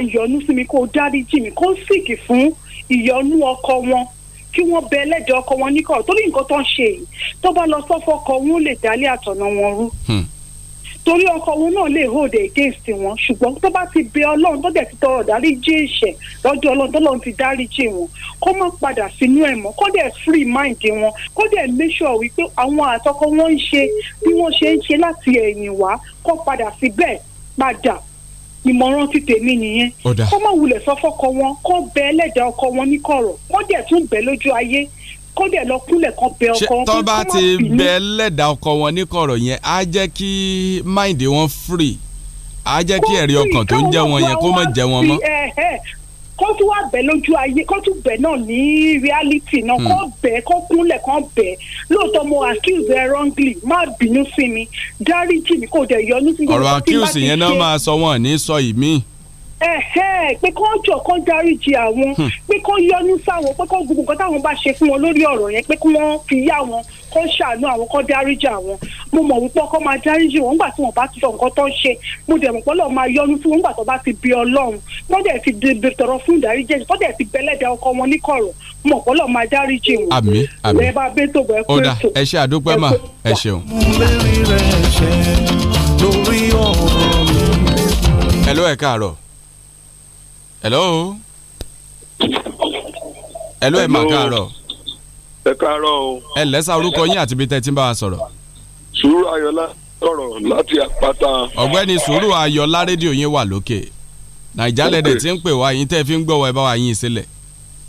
yọ́nú sí mi kó dáríjì mi kó sìkì fún ìyọ́nú ọkọ wọn kí wọ́n bẹ ẹlẹ́dẹ̀ ọkọ wọn níkọ̀ torí nǹkan tó ń ṣe yìí tó bá lọ sọ́fọ́ ọkọ wọn lè dálé àtọ̀nà wọn rú hmm. torí ọkọ wọn náà lè hold against wọn ṣùgbọ́n tó bá ti bẹ ọlọ́run tó dẹ̀ ti tọrọ dáríjì ẹ̀ṣẹ̀ lọ́jọ́ ọlọ́run tó lọ́run ti dáríjì wọn kó má padà sínú ẹ̀ mọ́ kó dẹ̀ free mind wọn kó dẹ̀ make sure wípé àwọn àtọkọ wọn ń ṣe bí wọ́n ṣe ń ṣe láti ẹ̀yìn wá kó padà síbẹ̀ padà ìmọ̀ràn ti tèmi nìyẹn kó má wulẹ̀ sọ fọ́kọ wọn kó bẹ ẹlẹ́dàá ọkọ wọn ní kọ̀rọ̀ wọ́n dẹ̀ tún bẹ lójú ayé kó dẹ̀ lọ kúnlẹ̀ kan bẹ ọkọ wọn kó má bínú. tọ́ bá ti bẹ ẹlẹ́dàá ọkọ wọn ní kọ̀rọ̀ yẹn á jẹ́ kí máìndì wọn free á jẹ́ kí ẹ̀rí ọkàn tó ń jẹ́ wọn yẹn kó má jẹ́ wọn mọ́ kó tún wá bẹ̀ lójú ayé kó tún bẹ̀ náà ní reality náà kó hmm. bẹ̀ kó kúnlẹ̀ kó bẹ̀ lóòótọ́ mo accuse ẹ wrongly má bínú sí mi dáríjì mi kò dẹ̀ yọnu sí mi. ọ̀rọ̀ accuse yẹn náà máa sọ wọ́n ní sọ ìmíì pé kó jọ kó dáríji àwọn hmm. pé kó yọnu sáwọn pé kó gbogbo nǹkan táwọn bá ṣe fún wọn lórí ọ̀rọ̀ yẹn pé kí wọ́n fi yá wọn kó ṣàánú àwọn kó dáríji àwọn mo mọ̀ wípé ọkọ máa dáríji wọn nígbà tí wọn bá ti sọ nǹkan tó ń ṣe mo dẹ̀ mọ̀ pé ọlọ́run máa yọnu fún wọn nígbà tó bá ti bí ọlọ́run kó dẹ̀ ti tọrọ fún ìdáríjì kó dẹ̀ ti bẹ́lẹ́dẹ̀ ọkọ wọn ní kọ̀rọ̀ mo mọ̀ pé ọlọ́run hello. hello ẹ̀ mà káàárọ̀. ẹ káàárọ̀ o. ẹ lẹ́sà orúkọ yín àti ibi tẹ́ ń bá wa sọ̀rọ̀. sùúrù ayọ̀lá sọ̀rọ̀ láti àpáta. ọ̀gbẹ́ni sùúrù ayọ̀lá rédíò yín wà lókè nàìjà lẹ́dẹ̀ tí ń pè wá yín tẹ́ fi ń gbọ́ wa ẹ bá wa yín sílẹ̀.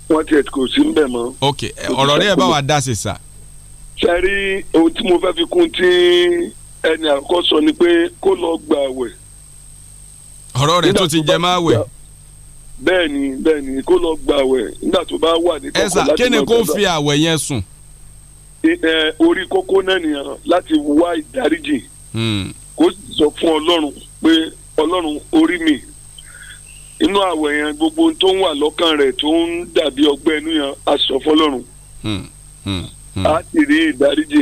wọ́n ti kò sí ń bẹ̀ mọ́. ok ọ̀rọ̀ rẹ̀ ẹ bá wa dá sí sà. ṣe rí ohun tí mo fẹ́ fi kún tí ẹni àkọ́kọ́ sọ ni pé kó lọ gba àwẹ̀. ọ̀rọ̀ rẹ̀ tó ti jẹ máa wẹ̀. bẹ́ẹ̀ni bẹ́ẹ̀ni kó lọ gba àwẹ̀ nígbà tó bá wà ní kọkọ láti máa bẹ bá. ẹsà kí ni kó fi àwẹ̀ yẹn sùn. orí kókó náà nìyẹn láti wá ìdáríjì hmm. kó sọ fún ọlọ́run pé ọlọ́run orí mi inú àwẹ̀ yẹn gbogbo tó ń wà lọ́kàn rẹ̀ tó ń dàbí ọgbẹ́ inú yẹn a fọlọ́run a sì rí ìdáríjì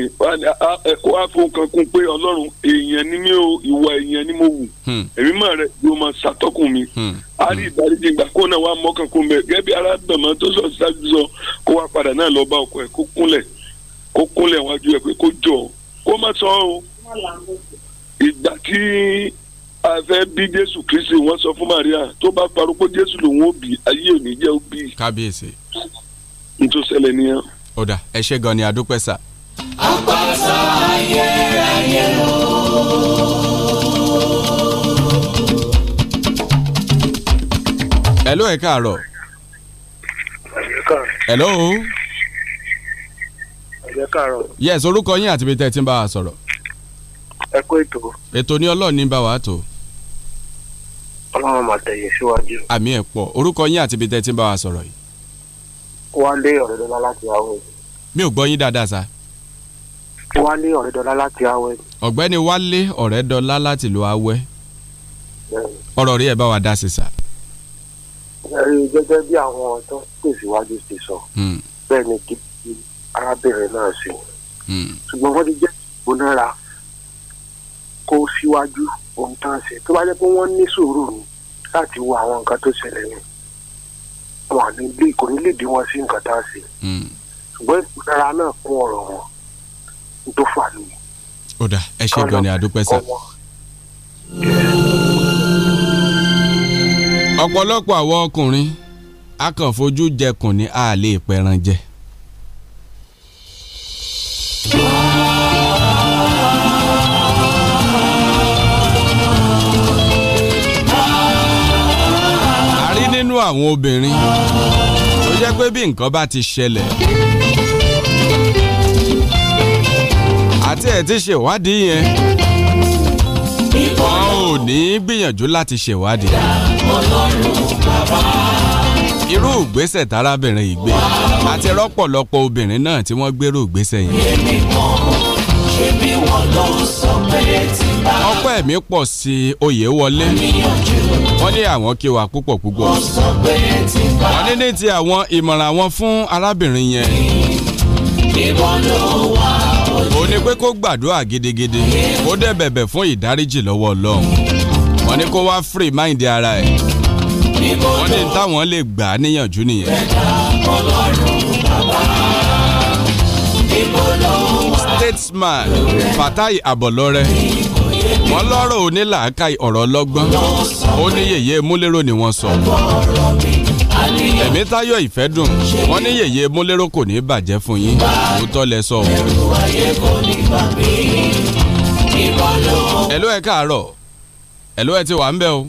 ẹ̀kọ́ afọkànkún pé ọlọ́run èèyàn ni mí o ìwà èèyàn ni mo wù hmm. èmi mọ̀ rẹ yóò máa ṣàtọ́kùn mi hmm. a rí ìdáríjì ìgbà kó náà wà mọ́kànkún bẹ́ẹ̀ gẹ́gẹ́ bí arábẹ̀mọ́ tó sọ ṣáájú sọ kó wá padà náà lọ bá ọkọ ẹ̀ kó kúnlẹ̀ kó kúnlẹ̀ wájú ẹ̀ pé kó jọ kó má sọ o ìgbà tí a fẹ́ bí jésù kristi wọ́n sọ fún maria tó bá parọ́ pé jésù lòun ó bí ayé òní jẹ́ ó kábíyèsí n nìyẹn ọ̀dà ẹ gan ni adúpẹ́ sà. àpàṣà ayé ayé o. hello ẹ káàárọ̀. hello. ẹ yes orúkọ yín àti ibi tẹ́ ẹ ti ń bá a sọ̀rọ̀. ẹ kó ètò. ètò ni ọlọ́run ní bá wa tó. ọlọ́run màtẹ̀yẹ síwájú. àmì ẹ̀ pọ̀ orúkọ yín àti ibi tẹ́ bá wa sọ̀rọ̀ yìí wálé ọ̀rẹ́dọ́lá láti awẹ́. mi ò gbọ́ yín dáadáa sá. wálé ọ̀rẹ́dọ́lá láti awẹ́. ọ̀gbẹ́ni wálé ọ̀rẹ́dọ́lá láti lo awẹ́. ọ̀rọ̀ rí ẹ̀ bá wa dá sí sá. ẹ̀rí gẹ́gẹ́ bí àwọn tó tẹ̀síwájú ti sọ hmm. bẹ́ẹ̀ ni kí arábìnrin náà ṣe hmm. ṣùgbọ́n wọ́n ti jẹ́ ìgbónára kó síwájú ohun tó ṣe tó bá jẹ́ pé wọ́n ní sùúrù láti wo àwọn nǹkan tó ṣẹlẹ̀ yẹn wọn ní lè kò ní lè dín wọn sí nǹkan tá a ṣe hmm. ṣùgbọ́n ìpínlẹ̀ náà kún ọ̀rọ̀ wọn tó fà ní. ó dà ẹ ṣe gan ni àdúpẹ́ sá. ọ̀pọ̀lọpọ̀ àwọn ọkùnrin a kàn fojú jẹkùn ní a lè àwọn obìnrin tó jẹ́ pé bí nǹkan bá ti ṣẹlẹ̀ àti ẹ̀ ti ṣèwádìí yẹn wọn ò ní gbìyànjú láti ṣèwádìí. irú ìgbésẹ̀ tarábìnrin yìí gbé àti rọ́pọ̀lọpọ̀ obìnrin náà tí wọ́n gbérú ìgbésẹ̀ yẹn. èmi kan ṣe bí wọn lọ sọ pé tí bá. ọpẹ́ mi pọ̀ sí Oyèwọlé. àmì ọjọ́ wọ́n ní àwọn kí wa púpọ̀ púpọ̀ wọ́n ní ní ti àwọn ìmọ̀ràn àwọn fún arábìnrin yẹn ó ní pé kó gbàdúrà gidigidi kó dẹ̀ bẹ̀bẹ̀ fún ìdáríjì lọ́wọ́ Ọlọ́run wọ́n ní kó wá free mind ara ẹ̀ wọ́n ní táwọn lè gbà á níyànjú nìyẹn. statesman Fatai Abolore wọ́n lọ́rọ̀ onílàákàyè ọ̀rọ̀ ọlọ́gbọ́n ó ní yèyé múlẹ́rò ni wọ́n sọ ẹ̀mí táyọ̀ ìfẹ́ dùn wọ́n ní yèyé múlẹ́rò kò ní bàjẹ́ fún yín òótọ́ lẹ sọ. ẹ̀ló ẹ káàárọ̀ ẹ̀ló ẹ ti wà ń bẹ̀ o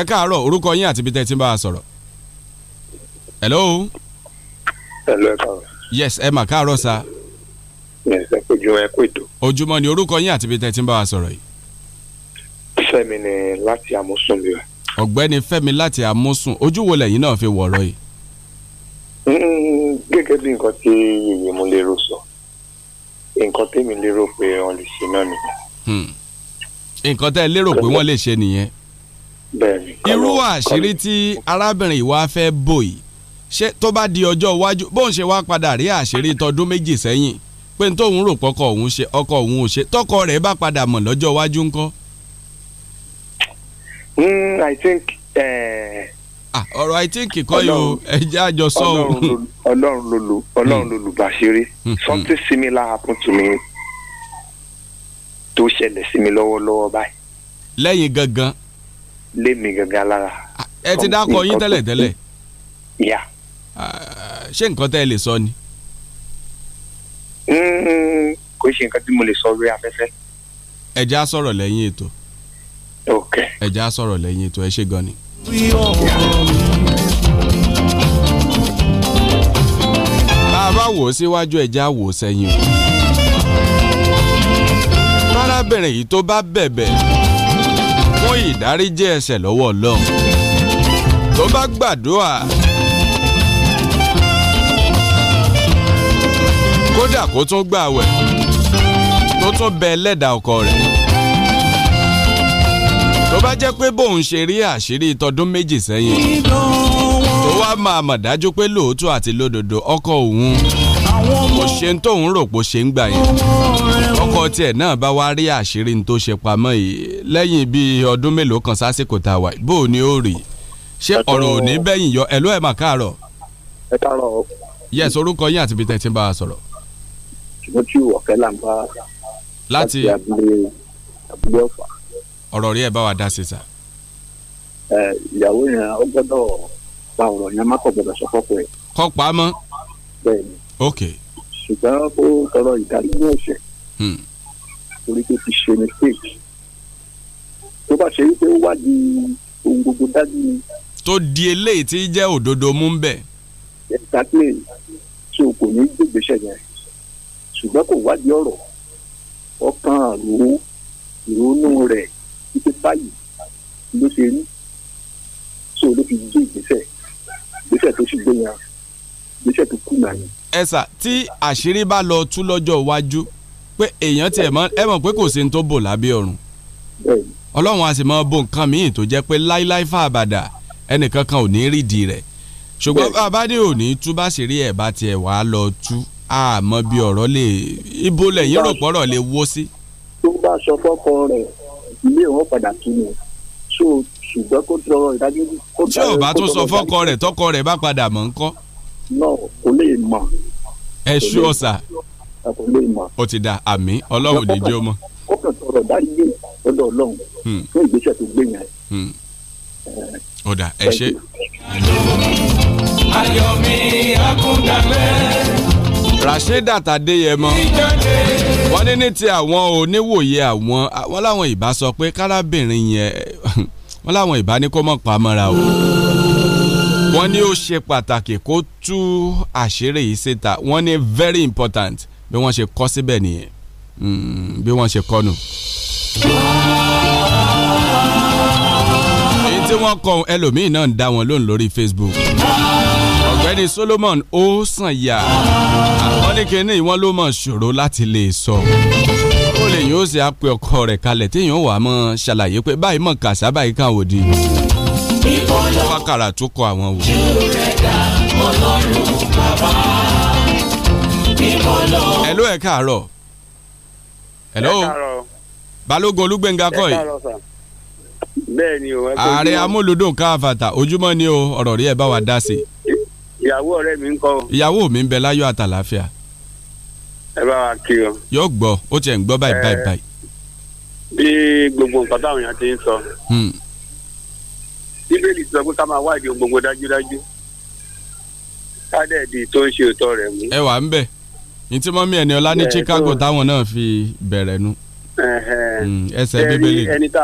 ẹ káàárọ̀ orúkọ yín àti ibi tẹ́ ti bá a sọ̀rọ̀ ẹ̀ló. ẹ̀ló ẹ káàárọ̀. yes ẹ mà káàárọ̀ sa. yes ẹ ojúmọ́ ẹ kú ètò. ni orúkọ yín àti ibi tẹ́ ti ń bá wa sọ̀rọ̀ yìí. Fẹ́mi ni láti amúsùn mi wá. ọ̀gbẹ́ni Fẹ́mi láti amúsùn ojú wo lẹ́yìn náà fi wọ̀rọ̀ yìí. Mm, gẹ́gẹ́ bí nǹkan tí yèyé mo lérò sọ nǹkan tèmi lérò pé wọ́n lè ṣe náà nìyẹn. Hmm. nǹkan tẹ́ ẹ lérò pé wọ́n lè ṣe nìyẹn. irú àṣírí tí arábìnrin ìwà fẹ́ bò yìí tó bá di ọjọ́ iwájú bóun ṣe wá padà rí àṣírí tọdún méjì sẹ́yìn pé n tóun rò pọkọ òun ṣe ọkọ òun ò ṣe tọkọ rẹ̀ bá padà mọ̀ lọ́jọ́ iwájú ńkọ́. Hmm, I think. Uh ọ̀rọ̀ i think kọ́ yìí o ẹ̀jẹ̀ àjọ sọ o. ọlọ́run ló lò ọlọ́run ló hmm. lò bàṣírí hmm, something similar happen to me tó ṣẹlẹ̀ sí mi lọ́wọ́lọ́wọ́ báyìí. lẹ́yìn gangan. lémi gangan lára. Ah, ẹ ti dákọ yín tẹ́lẹ̀tẹ́lẹ̀. yà. Ah, ṣé nǹkan tẹ́ ẹ lè sọ ni kò ṣe nǹkan tí mo lè sọ orí afẹ́fẹ́. ẹ já sọ̀rọ̀ lẹ́yìn ètò ẹ já sọ̀rọ̀ lẹ́yìn ètò ẹ ṣe gan ni. bá a bá wò ó síwájú ẹ já wò ó sẹ́yìn o. arábìnrin yìí tó bá bẹ̀bẹ̀ fún ìdáríjì ẹ̀ṣẹ̀ lọ́wọ́ Ọlọ́run tó bá gbàdúrà. kódà kó tún gbà wẹ̀ tó tún bẹ ẹlẹ́dàá ọkọ rẹ̀ tó bá jẹ́ pé bóun ṣe rí àṣírí tọdún méjì sẹ́yìn tó wá máa mọ̀ dájú pé lóòótọ́ àti lódodo ọkọ òun kò ṣe ń tóun rò pé ṣe ń gbà yẹn ọkọ tiẹ̀ náà bá wá rí àṣírí tó ṣe pamọ́ yìí lẹ́yìn bíi ọdún mélòó kan sásìkò tá a wà bó o ní ó rí ṣé ọ̀rọ̀ ò ní bẹ́yìn yọ ẹ̀ ẹ̀ mà káàárọ̀. yẹ sọ yín àti ibi tẹ́ bá a sọ̀rọ̀ timothy ọ̀kẹ́lá ń bá láti abúlé abúlé ọ̀fà. ọ̀rọ̀ rí ẹ̀ bá wa dá sí sa. ẹ ìyàwó yẹn ó gbọ́dọ̀ pa ọ̀rọ̀ yẹn má kọ̀ gbọ́dọ̀ sọ fọ́pọ̀ ẹ̀. kọ́ pa á mọ́. bẹ́ẹ̀ni. ok. ṣùgbọ́n ó tọrọ ìdánimọ̀ ẹ̀ṣẹ̀. Hmm. torí pé ti ṣe mistake. tó bá ṣe wípé ó wádìí ohun gbogbo dájú ni. tó di eléyìí tí jẹ́ òdodo mú ń bẹ̀. exactly so kò ní gbègbèsẹ̀ yẹn ṣùgbọ́n kò wádìí ọ̀rọ̀ ọkàn àrò ìrònú rẹ̀ títí báyìí ló ṣe rí so ló fi gbé ìgbésẹ̀ ìgbésẹ̀ tó sì gbé yẹn ìgbésẹ̀ tó kùnà ni. ẹ sà tí àṣírí bá lọ tú lọ́jọ́ iwájú pé èèyàn tiẹ̀ mọ̀ ẹ mọ̀ pé kò sí ní tó bò lábẹ́ ọ̀run ọlọ́run a sì mọ bò nǹkan míì tó jẹ́ pé láíláí fà àbàdà ẹnìkankan ò ní rídìí rẹ̀ ṣùgbọ́n bàbá ní òní tú ẹ̀ bá tiẹ̀ wàá lọ tú àmọ́ bí ọ̀rọ̀ lè ibo lẹ́yìn rò pọ̀rọ̀ lè wó sí. tó bá sọ fọ́kọ rẹ̀ ilé wọn padà kí ni so ṣùgbọ́n kó tọrọ ìdájọ́. tí ò bá tún sọ fọ́kọ rẹ̀ tọkọ rẹ̀ bá padà mọ̀ ń kọ́. náà kò lè mọ̀. ẹ ṣú ọ̀sà. kò lè ó ti da àmì ọlọ́run ní jẹ́ ọmọ. ó kàn tọrọ dáríjì lọ́dọ̀ ọlọ́run hmm. fún ìgbésẹ̀ tó gbé yẹn. Hmm. Eh. ó dà ẹ ṣe. ayọ̀ mi akúndalẹ̀ rasheedat adéyẹmọ wọ́n ní ní ti àwọn oníwòye àwọn wọ́n láwọn ìbá sọ pé kárábìnrin yẹn wọ́n láwọn ìbá ní kó mọ̀ pamọ́ra o wọ́n ní ó ṣe pàtàkì kó tú àṣírí yìí síta wọ́n ní very important bí wọ́n ṣe kọ́ síbẹ̀ nìyẹn hmm, bí wọ́n ṣe kọ́ nù tí wọ́n kọ ẹlòmíì náà ń dá wọn lóhùn lórí Facebook ọ̀gbẹ́ni Solomon ó sàn yà àkọ́nìkẹ́ni ìwọ́n ló mọ̀ ṣòro láti lè sọ ó lè yóò ṣe àpè ọkọ rẹ̀ kalẹ̀ téèyàn wà mọ́ ṣàlàyé pé báyìí mọ̀ kàṣà báyìí kàn wò di wákàrà tó kọ àwọn wò. ẹ̀ló ẹ̀ káàárọ̀ ẹ̀ló balógun olúgbẹ̀ngà kọ́ yìí bẹ́ẹ̀ ni o. ààrẹ amúlùdùn káfàtà ojúmọ́ ni o ọ̀rọ̀ rí ẹ bá wa dá sí i. ìyàwó ọ̀rẹ́ mi ń kọ́. ìyàwó mi ń bẹ àtàlàáfíà. ẹ bá kí o. yóò gbọ́ ó tiẹ̀ ń gbọ́ báyìí báyìí báyìí. bí gbogbo nǹkan táwọn èèyàn ti ń sọ. Hmm. bíbélì sọ pé ká máa wá gbogbo dájúdájú. kádẹ́ẹ̀dì tó ń ṣe òótọ́ mú. ẹ wà ń ní tí náà fi bẹ̀rẹ̀ nu. Hmm, ẹsẹ̀ bíbélì. ẹni tá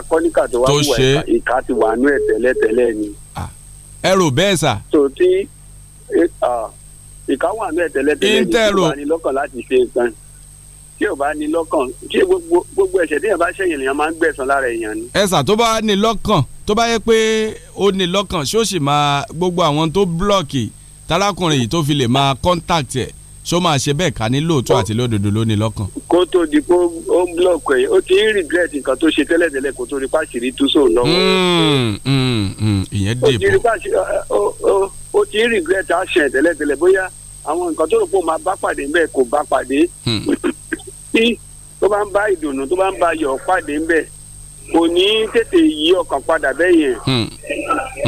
a kọ́ ní kàtó wá wù ti wà ẹ rò bẹ́ẹ̀ sà. tó tí ìkáwọ́ àmì ẹ̀tẹ́lẹ́tẹ́lẹ́ ní tí ò bá ní lọ́kàn láti ṣe nǹkan tí ò bá ní lọ́kàn tí gbogbo ẹ̀ṣẹ̀ tí èèyàn bá ṣẹ̀yìn lèèyàn máa ń gbẹ̀san lára èèyàn ni. ẹ̀sà tó bá ní lọ́kàn tó bá yẹ pé ó ní lọ́kàn ṣó sì máa gbogbo àwọn tó blọ́ọ̀kì tarákùnrin yìí tó fi lè máa contact ẹ̀ ṣó máa ṣe bẹ́ẹ̀ ká ní lóòótọ́ àti lódodo lónìí lọ́kàn. kó tó di kó ó ń blọọkù ẹ̀ ó ti ń regret nǹkan tó ṣe tẹ́lẹ̀tẹ́lẹ̀ kó tó hmm, hmm, hmm, rí páṣírí túṣó lọ́wọ́. ìyẹn dè bọ́ ó ti ń regret action tẹ́lẹ̀tẹ́lẹ̀ bóyá àwọn nǹkan tó rò pé ó máa bá pàdé ńbẹ̀ kò bá pàdé tí tó bá ń bá ìdùnnú tó bá ń bá ayọ̀ pàdé ńbẹ̀ kò ní tètè yí ọkàn padà bẹ́ẹ̀ yẹn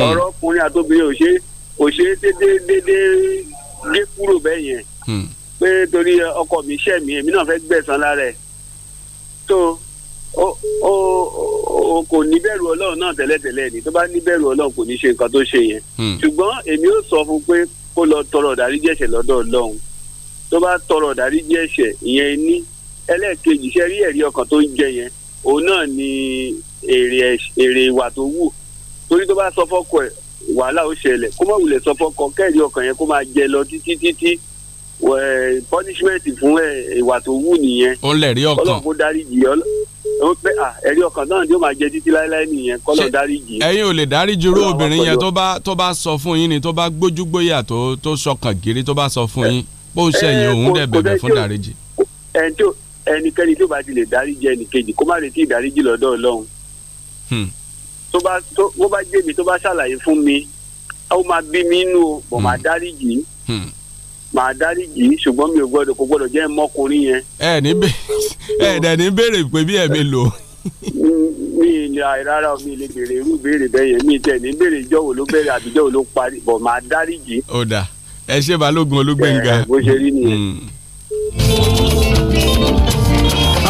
ọ̀rọ̀ ọkùnrin àtobìnrin ò ṣe ò dédé dédé kúrò bẹ́ẹ̀ pé torí ọkọ mi ṣẹ̀ mí èmi náà fẹ́ gbẹ̀san lára ẹ̀ tó O O O kò ní bẹ̀rù ọlọ́run náà tẹ́lẹ̀tẹ́lẹ̀ ni tó bá ní bẹ̀rù ọlọ́run kò ní ṣe nǹkan tó ṣe yẹn hmm. ṣùgbọ́n èmi ó sọ fún pé kó lọ tọrọ ìdáríjì ẹ̀ṣẹ̀ lọ́dọ̀ ọlọ́run tó bá tọrọ ìdáríjì ẹ̀ṣẹ̀ ìyẹn ní ẹlẹ́ẹ̀kejì iṣẹ́ rí ẹ̀rí ọkàn tó ń jẹ yẹn òun náà ni èrè ìwà tó wù torí tó bá sọ fọ́kọ ẹ̀ wàhálà ó ṣẹlẹ̀ kó má wulẹ̀ sọ fọ́kọ kẹ́ẹ̀rí ọkàn yẹn kó máa jẹ lọ títí títí punishment fún ìwà tó wù nìyẹn. ó ń lẹ̀rí ọkàn Ọlọ́run kó dáríjì ó pẹ́ ẹ̀rí ọkàn náà ni ó máa jẹ títí láéláé nìyẹn kọ́lọ̀ dáríjì. ẹ̀yin ò lè dáríjì irú obìnrin yẹn tó bá tó bá sọ fún yín ni tó bá gbójúgbóyà tó tó sọkàn gírí tó bá sọ fún yín bó ń ṣẹ̀yìn òun dẹ̀ bẹ̀bẹ̀ fún dáríjì. ẹnikẹ́ni tó bá ti lè dáríjì ẹnìkejì kó má retí ìdáríjì lọ́dọ̀ Ọlọ́run. Hmm. tó bá tó bó bá jẹ́ mi tó bá màá dáríjì ṣùgbọ́n mi ò gbọ́dọ̀ kò gbọ́dọ̀ jẹ́ mọ́kùnrin yẹn. ẹ ní bẹ ẹ dẹ béèrè pé bí ẹ̀mí lò. mi ni rárá mi lè béèrè irú béèrè bẹ́ẹ̀ yẹn mi tẹ̀ ní béèrè ìjọ́wò ló bẹ̀rẹ̀ àbí ló parí bọ̀ màá dáríjì. ó dà ẹ ṣe balógun olúgbẹ̀ngà. ẹ bó ṣe rí nìyẹn. Mm.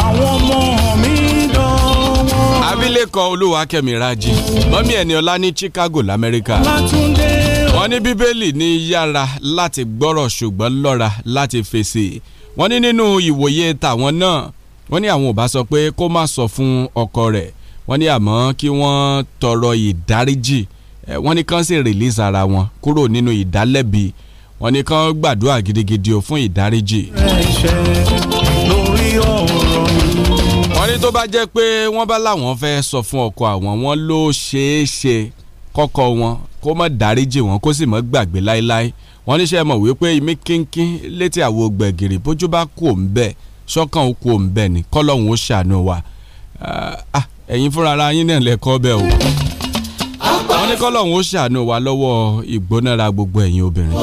àwọn ọmọ mi dánwọ́. abilékọ ẹni ọlá ní Chicago lamẹ́ríkà. látúndé wọ́n ní bíbélì ní yára láti gbọ́rọ̀ ṣùgbọ́n lọ́ra láti fèsì wọ́n ní nínú ìwòye tàwọn náà wọ́n ní àwọn ò bá sọ pé kó má sọ fún ọkọ rẹ̀ wọ́n ní àmọ́ kí wọ́n tọrọ ìdáríjì wọ́n ní kán sì release ara wọn kúrò nínú ìdálẹ́bi wọ́n ní kán gbàdúrà gidigidi o fún ìdáríjì. wọ́n ní tó bá jẹ́ pé wọ́n bá láwọn fẹ́ sọ fún ọkọ àwọn wọn ló ṣeé ṣe kọ́kọ́ wọn kó má dáríjì wọn kó sì má gbàgbé láéláé wọ́n níṣẹ́ mọ̀ wípé imí kínkín létí àwo gbẹ̀gìrì bójú bá kú òun sọ́kàn ó kú òun ni kọ́lọ́hún ó ṣàánú wa ah, ah, ẹ̀yin fúnra ara yín náà lẹ́kọ́ bẹ́ẹ̀ o wọ́n ní kọ́lọ́hún ó ṣàánú wa lọ́wọ́ ìgbónára gbogbo ẹ̀yin obìnrin.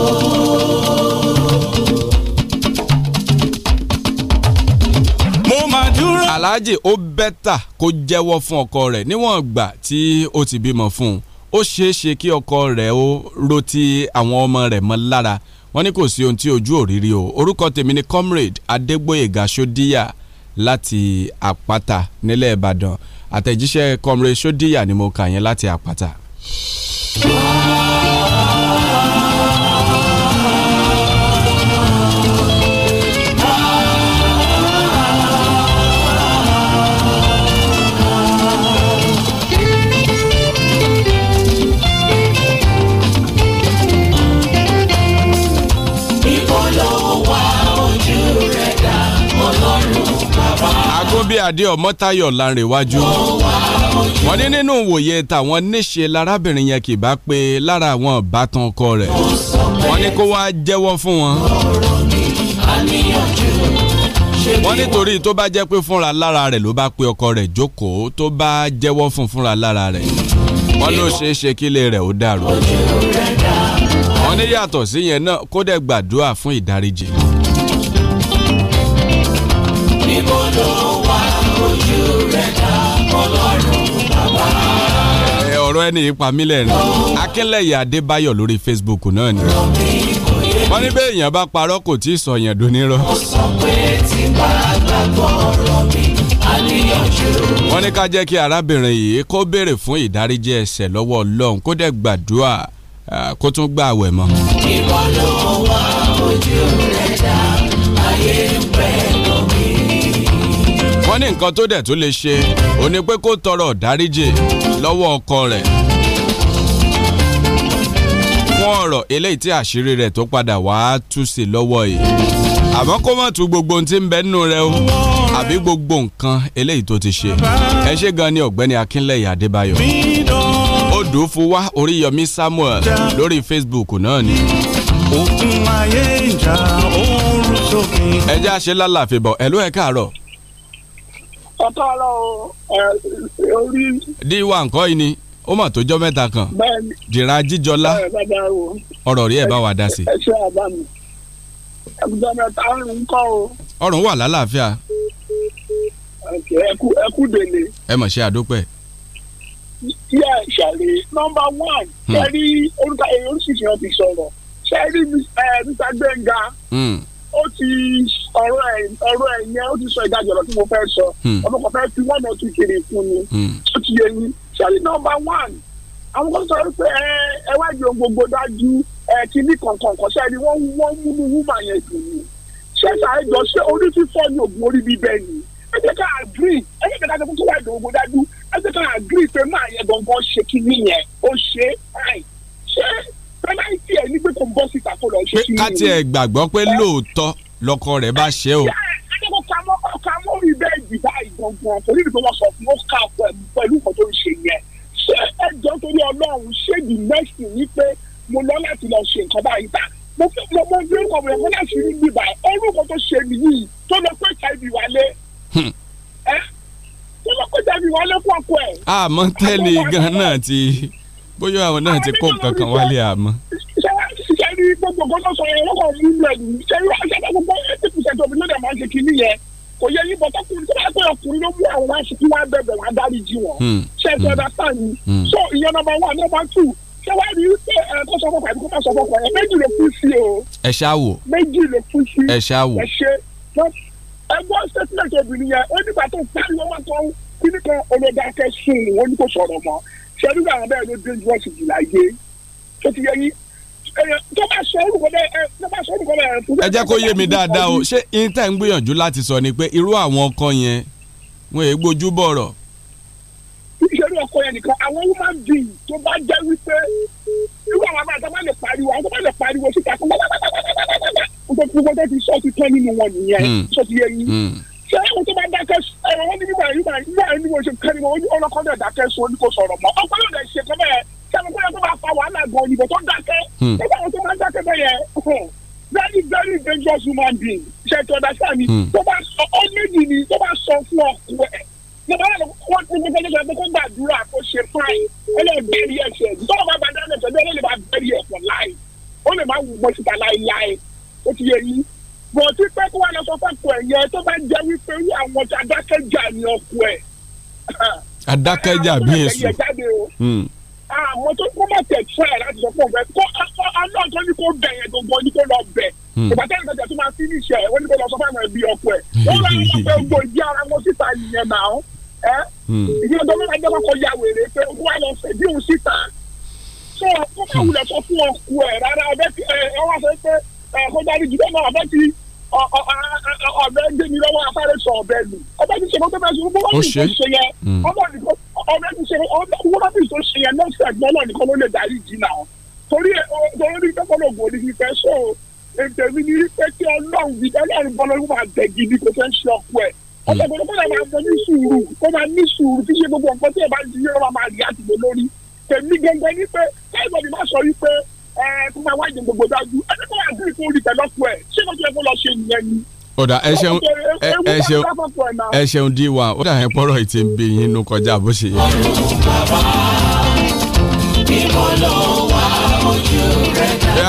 Alhaji ó bẹ́tà kó jẹ́wọ́ fún ọkọ rẹ̀ níwọ̀n ìgbà tí ó ti bímọ fún un ó ṣeé ṣe kí ọkọ rẹ̀ ó ro ti àwọn ọmọ rẹ̀ mọ́ lára wọ́n ní kò sí ohun tí ojú òrírí o orúkọ tèmi ni comrade adégbòyègà sódíyà láti àpáta nílẹ̀ ìbàdàn àtẹ̀jíṣẹ́ comrade sódíyà ni mo kà yẹn láti àpáta. adé ọmọtayọ lárẹ̀wájú wọ́n ní nínú ìwòye tàwọn níṣe lárábìnrin yẹn kì bá pé lára àwọn ìbátan ọkọ rẹ̀ wọ́n ní kó wáá jẹ́wọ́ fún wọn wọ́n nítorí tó bá jẹ́ pé fúnra lára rẹ̀ ló bá pe ọkọ rẹ̀ jókòó tó bá jẹ́wọ́ fún fúnra lára rẹ̀ wọ́n ló ṣeé ṣe kílé rẹ̀ ó dàrú wọ́n ní yàtọ̀ sí náà kó dẹ̀ gbàdúrà fún ìdáríjì. ọ̀rọ̀ ẹni ìpamílẹ̀ rìn akínlẹ̀yẹ adébáyọ̀ lórí facebook náà ni wọ́n ní bẹ́ẹ̀ èèyàn bá parọ́ kò tí ì sọ̀yàn dúnírọ́. ó sọ pé tí bá gbàgbọ́ ọ̀rọ̀ mi àníyànjú. wọ́n ní ká jẹ́ kí arábìnrin yìí kó béèrè fún ìdáríjì ẹ̀ṣẹ̀ lọ́wọ́ ọlọ́run kó dẹ̀ gbàdúrà kó tún gbà wẹ̀ mọ́. ìwọ ló wá ojú rẹ̀ dá ayé ń pẹ́ lómi. wọ́n ní nǹkan tó dẹ̀ tó lè ṣe ó ní pé kó tọrọ ìdáríjì lọ́wọ́ ọkọ rẹ̀ fún ọ̀rọ̀ eléyìí tí àṣírí rẹ̀ tó padà wá tú sí lọ́wọ́ yìí àmọ́ kó má tu gbogbo ohun tí ń bẹ nínú rẹ̀ o àbí gbogbo nǹkan eléyìí tó ti ṣe ẹ ṣé gan ni ọ̀gbẹ́ni Akínlẹ̀yẹ Adébáyọ̀ odò fún wa Oríyọmí Samuel lórí Facebook náà ni. òkun ayé ìjà oorun sókè. ẹ jẹ́ àṣẹ lálàfẹ́ bọ̀ ẹ̀lú ẹ̀ káàárọ̀ ọ̀tọ̀ ọ̀rọ̀ orí. dí wa nǹkan yìí ni ó mà tó jọ́ mẹ́ta kan jìrà jíjọlá ọ̀rọ̀ rí ẹ̀ bá wa dá sí. ẹ ṣe àbá mi ẹ̀kújọ́ mẹ́ta ọ̀rùn ń kọ́ o. ọ̀rùn wà lálàáfíà. ẹkú délé. ẹ mọ̀ ṣe àdópẹ́. yẹ ṣẹ́rí nọ́mbà one hmm. ṣẹ́rí orúkọ èyí oríṣiríṣi wọn ti sọ̀rọ̀ ṣẹ́rí Mr. Gbẹ̀ngà. Hmm ó ti ọ̀rọ̀ ẹ̀ ọ̀rọ̀ ẹ̀ yẹn ó ti sọ ìdájọ́ ọ̀rọ̀ tí mo fẹ́ sọ hmm. ọmọ kan fẹ́ fi one or two kiri fún mi hmm. ó ti yẹ yín sẹ́ni nọ́mbà one àwọn kan sọ pé ẹ ẹ wá jọ gbogbo dájú ẹ kíní kọ̀ọ̀kan sẹ́ni wọ́n wọ́n múnú wúmà yẹn dùn ní sẹ́ni àìjọ ṣé orí fífọ́ ni òògùn orí bíbẹ́ ni ẹ jẹ́ ká agree ẹ jẹ́ ká dájọ́ kó wá jọ gbogbo dájú ẹ jẹ́ ká agree pé máa yẹ gangan ṣe kíní yẹn ó ṣe é ṣe pẹ́nàìtì ẹ̀ ní pé kò ń bọ́ síta kó lọ ṣe sí i. gbàgbọ́ pé lóòótọ́ lọkọ rẹ̀ bá ṣe o. ó kà mọ́ ó kà orí bẹ́ẹ̀ dìbà ìgbọ̀ngàn torí ìgbà wọn sọ fún ó kà pẹ̀lú nǹkan tó ń ṣe yẹn ṣé ẹjọ́ torí ọlọ́run ṣé the next thing pé mo lọ láti lọ ṣe nǹkan báyìí ta mo fi mo mo fi orúkọ bẹ̀rẹ̀ mo láti rí bíbà orúkọ tó ṣe nìyí tó lọ pé HIV wálé hmm. ẹ tó lọ pé HIV wálé fún ọkọ ẹ. àmọ́ tẹ́lẹ̀ gan náà ti bóyá àwọn náà ti kó nǹkan kan wálé àmọ́. sẹ́ni gbogbo gbọ́dọ̀ sọ yẹn lọ́kọ̀ ní ìlú ẹ̀dùn sẹ́ni wọ́n ṣẹ́ni gbogbo eighty percent of nílẹ̀ máa ń ṣe kínní yẹn kò yẹ yín bọ́tọ́ kùnrin tó bá pẹ́ ọkùnrin ló mú àwọn aṣèkí wá bẹ̀bẹ̀ wá dárí jì wọ́n ṣẹ́ni ọ̀dà sáà ni so ìyẹn nọ́mbà one nọ́mbà two ṣé wàá rí pé ẹ kó sọ fọkàn àbí kó má sọ fọkàn ẹ méjì ló kú sí o. ẹ ṣáà wò. méjì ló kú sí. ẹ ṣáà wò. ẹ ṣe ẹ gbọ́ statement obìnrin yẹn ó nígbà tó ń pariwo wọn kan kíní kan olóògbé akẹ́sùn òun ní kò sọ̀rọ̀ mọ́ sẹ́dúrà àwọn bẹ́ẹ̀ ló dín wọ́ọ̀sì jù láyé tó ti yẹ yín tó bá sọ orúkọ bẹ́ẹ̀ tó bá sọ orúkọ bẹ́ẹ̀ fún. ẹ jẹ́ kó yé mi dáadáa o ṣé intan ń gbìyànjú láti sọ ni pé irú àwọn ọkọ yẹn wọn èé gbójú bọ̀rọ̀. ìṣèlú ọkọ yẹn nìkan àwọn woman being tó bá jẹ́ wípé irú àwọn abáyé tó bá lè pariwo àwọn tó bá lè pariwo síta gbogbo tó ti sọ ti tán nínú wọn nìyẹn sọ ti yẹ yín ṣé ohun tó bá dákẹ́ ẹ̀rọ wọn ní nígbà yìí nígbà yìí ni mo ṣe kẹ́ni mo ọlọ́kọ́ dẹ̀ dákẹ́ sọ ní kò sọ̀rọ̀ mọ́ ọkọ yóò dẹ̀ ṣe kọ́ bẹ́ẹ̀ sẹ́ni kó yẹ kó máa fa wàhálà gan ìbò tó dákẹ́ nígbà wọn tó máa dákẹ́ bẹ́ẹ̀ yẹ very very dangerous human being ṣe ti ọ̀dà sáà mi tó bá sọ ó méjì ni tó bá sọ fún ọkọ ẹ̀ ní bá wọn ti gbé gbé gbé kó gbàdúrà kó ṣe fáì ó lè bẹ̀rẹ̀ ẹ̀ṣẹ̀ tó bá bá dáná ẹ̀ṣẹ̀ bí ó lè bá bẹ̀rẹ̀ ẹ̀ṣẹ̀ láì bọ̀ tí pẹ́kú wa lọ sọ fọ́kọ ẹ̀ yẹn tó bá jẹ́ wípé irú àwọn ọjà adákẹ́jà ni ọkọ ẹ̀. adákẹ́jà bí èso hmm. àwọn tó kọ́ mọ̀ tẹ̀ tíra ẹ̀ láti sọ fún ọ̀fẹ́ kó aláwọ̀ tó ní kó bẹ̀ yẹn gbogbo ní kó lọ bẹ̀ hmm. ìgbà tẹ́lẹ̀ tó máa fi ní ìṣẹ̀ wọ́n ní kó lọ sọ fún àwọn ẹbí ọkọ ẹ̀ hmm. wọ́n lọ àwọn ọkọ̀ gbogbo ìdí ara wọn síta yẹn náà ẹ́ ìdí ọdọ mẹ́ta jẹ́ kọ́kọ́ ya wèrè pé wọ́n á lọ fẹ́ bí òun síta tó kó máa wulẹ̀ sọ fún ọkọ ẹ̀ rárá ọbẹ̀ tí ẹ ọbẹ gbé mi lọ́wọ́ afárẹ sọ ọbẹ nù ọbẹ ti ṣe kó tó fẹ́ sùn bọ́lá ti ṣe yẹn ọmọ nìkan ọbẹ ti ṣe wọ́n ti tó ṣe yẹn next time bọ́lá nìkan ló lè darí jì náà torí torí tọ́kọ̀lọ́ ògùn òní fífẹ́ sọ ètèmi ní pé kí ọlọ́run fi ọlọ́run bọ́lá ló máa tẹ̀ gidi kò fẹ́ ṣe ọkọ ẹ̀ hmm. ọbẹ̀ gbọ́dọ̀ kó máa bọ ní sùúrù kó máa ní sùúrù kí ṣe gbogbo nǹkan tí ẹ bá ti yẹ ọ máa rí àtìgbò lórí tèmi gẹ́gẹ́ ní pé káyọ̀ ẹ tó máa wáyé gbogbo dájú ẹ tó máa gbé ìfowórí tẹ lọ́kùn ẹ̀ ṣé kò tó kó lọ ṣe nìyẹn ni. ọ̀dà ẹ ṣeun ẹ ṣeun ẹ ṣeun d1 ó dà ẹ pọ́rọ̀ ìtì ń bí yín nú kọjá bó ṣe yẹ. ọ̀run bàbá ìmọ̀ ló wà ojú rẹ̀ dá.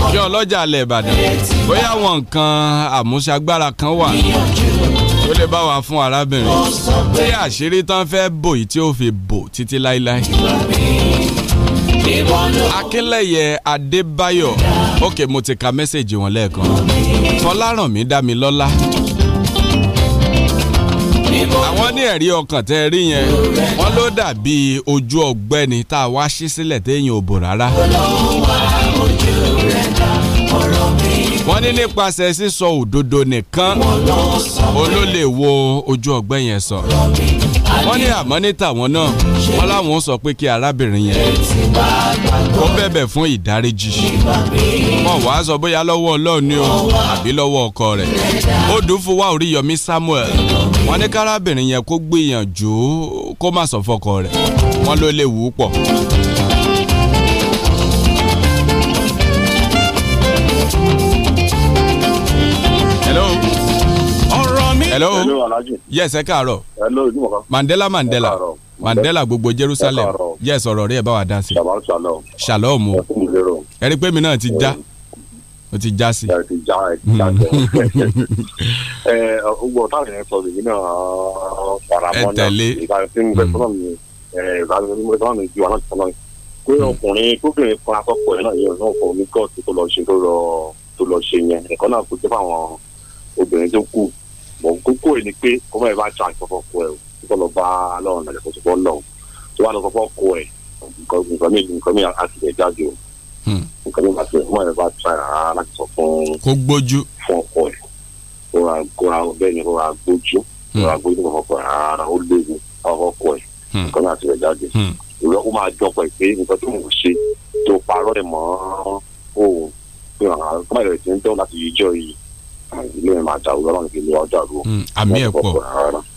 ọ̀kẹ́ ọlọ́jà alẹ́ Ìbàdàn bóyá àwọn nǹkan àmúṣagbára kan wà ó lè bá wa fún arábìnrin tí àṣírí tán fẹ́ bò yìí tí ó fi bò títí láéláé. Akínlẹ̀yẹ Adébáyọ̀ ókè mo ti ka mẹ́sẹ̀gì wọn lẹ́ẹ̀kan Fọlárànmí Dámilọ́lá àwọn ní ẹ̀rí ọkàn tẹ́ rí yẹn wọ́n ló dàbí ojú ọgbẹ́ni tá a wá ṣí sílẹ̀ téèyàn ò bò rárá wọ́n ní nípasẹ̀ sísọ òdodo nìkan olólè wo ojú ọgbẹ́ yẹn sọ wọ́n ní àmọ́ ní tàwọn náà wọ́n láwọn sọ pé kí arábìnrin yẹn ó bẹ̀bẹ̀ fún ìdáríjì wọ́n wàá sọ bóyá lọ́wọ́ ọlọ́run ni o àbí lọ́wọ́ ọkọ rẹ̀ ó dùn fún wa Oríyọmí Samuel wọ́n ní kárábìnrin yẹn kó gbìyànjú kó má sọ fọkọ rẹ̀ wọ́n ló léwu pọ̀. hello yes ẹ káàárọ̀ mandela mandela mandela gbogbo jerusalem yes ọ̀rọ̀ rẹ̀ ẹ bá wa dá sí shalom o ẹ rí i pé mi náà ti já o ti já sí. ẹ ti já ẹ ti já ẹ ẹ ọgbọ táwọn yẹn sọ èmi náà faramọ́ náà ìbára tí mo fẹ́ sọ́nà mi ìbára tí mo fẹ́ sọ́nà mi ju àwọn àti sọ́nà mi pé hmm. ọkùnrin kóbìnrin kan akọkọ ẹ náà yẹn náà fọ oníkọ́ọ̀tù tó lọ ṣe tó lọ ṣe yẹn nǹkan náà kó jẹ́ fáwọn obìnrin tó kù bọ̀ kókó ẹ̀ ni pé kó má yẹ bá ṣáàjì fọ́fọ́ kó ẹ̀ o kó lọ bá lọ́rùn lọ́jọ́ kó tó bọ́ tó wà lọ fọ́fọ́ kó ẹ̀ nǹkan mi nǹkan mi àti jáde o hmm. nǹkan mi àti ẹ̀ kó bá ṣáàjì rárá láti sọ fún kó gbójú fún ọkọ ẹ̀ kó ra kó ni kó gbójú kó hmm. gbójú fún ọkọ ẹ̀ rárá ó léwu ọkọ ẹ̀ hmm. nǹkan mi àti jáde ìrọ̀ ó máa jọ pẹ̀ pé nǹkan tó ń ṣe tó parọ́ ẹ̀ mọ́ òun pé àwọn akọ́mọ̀lẹ̀ tí ilé màtà ọlọ́run kì í lọ ọjà àmì ẹ̀ pọ̀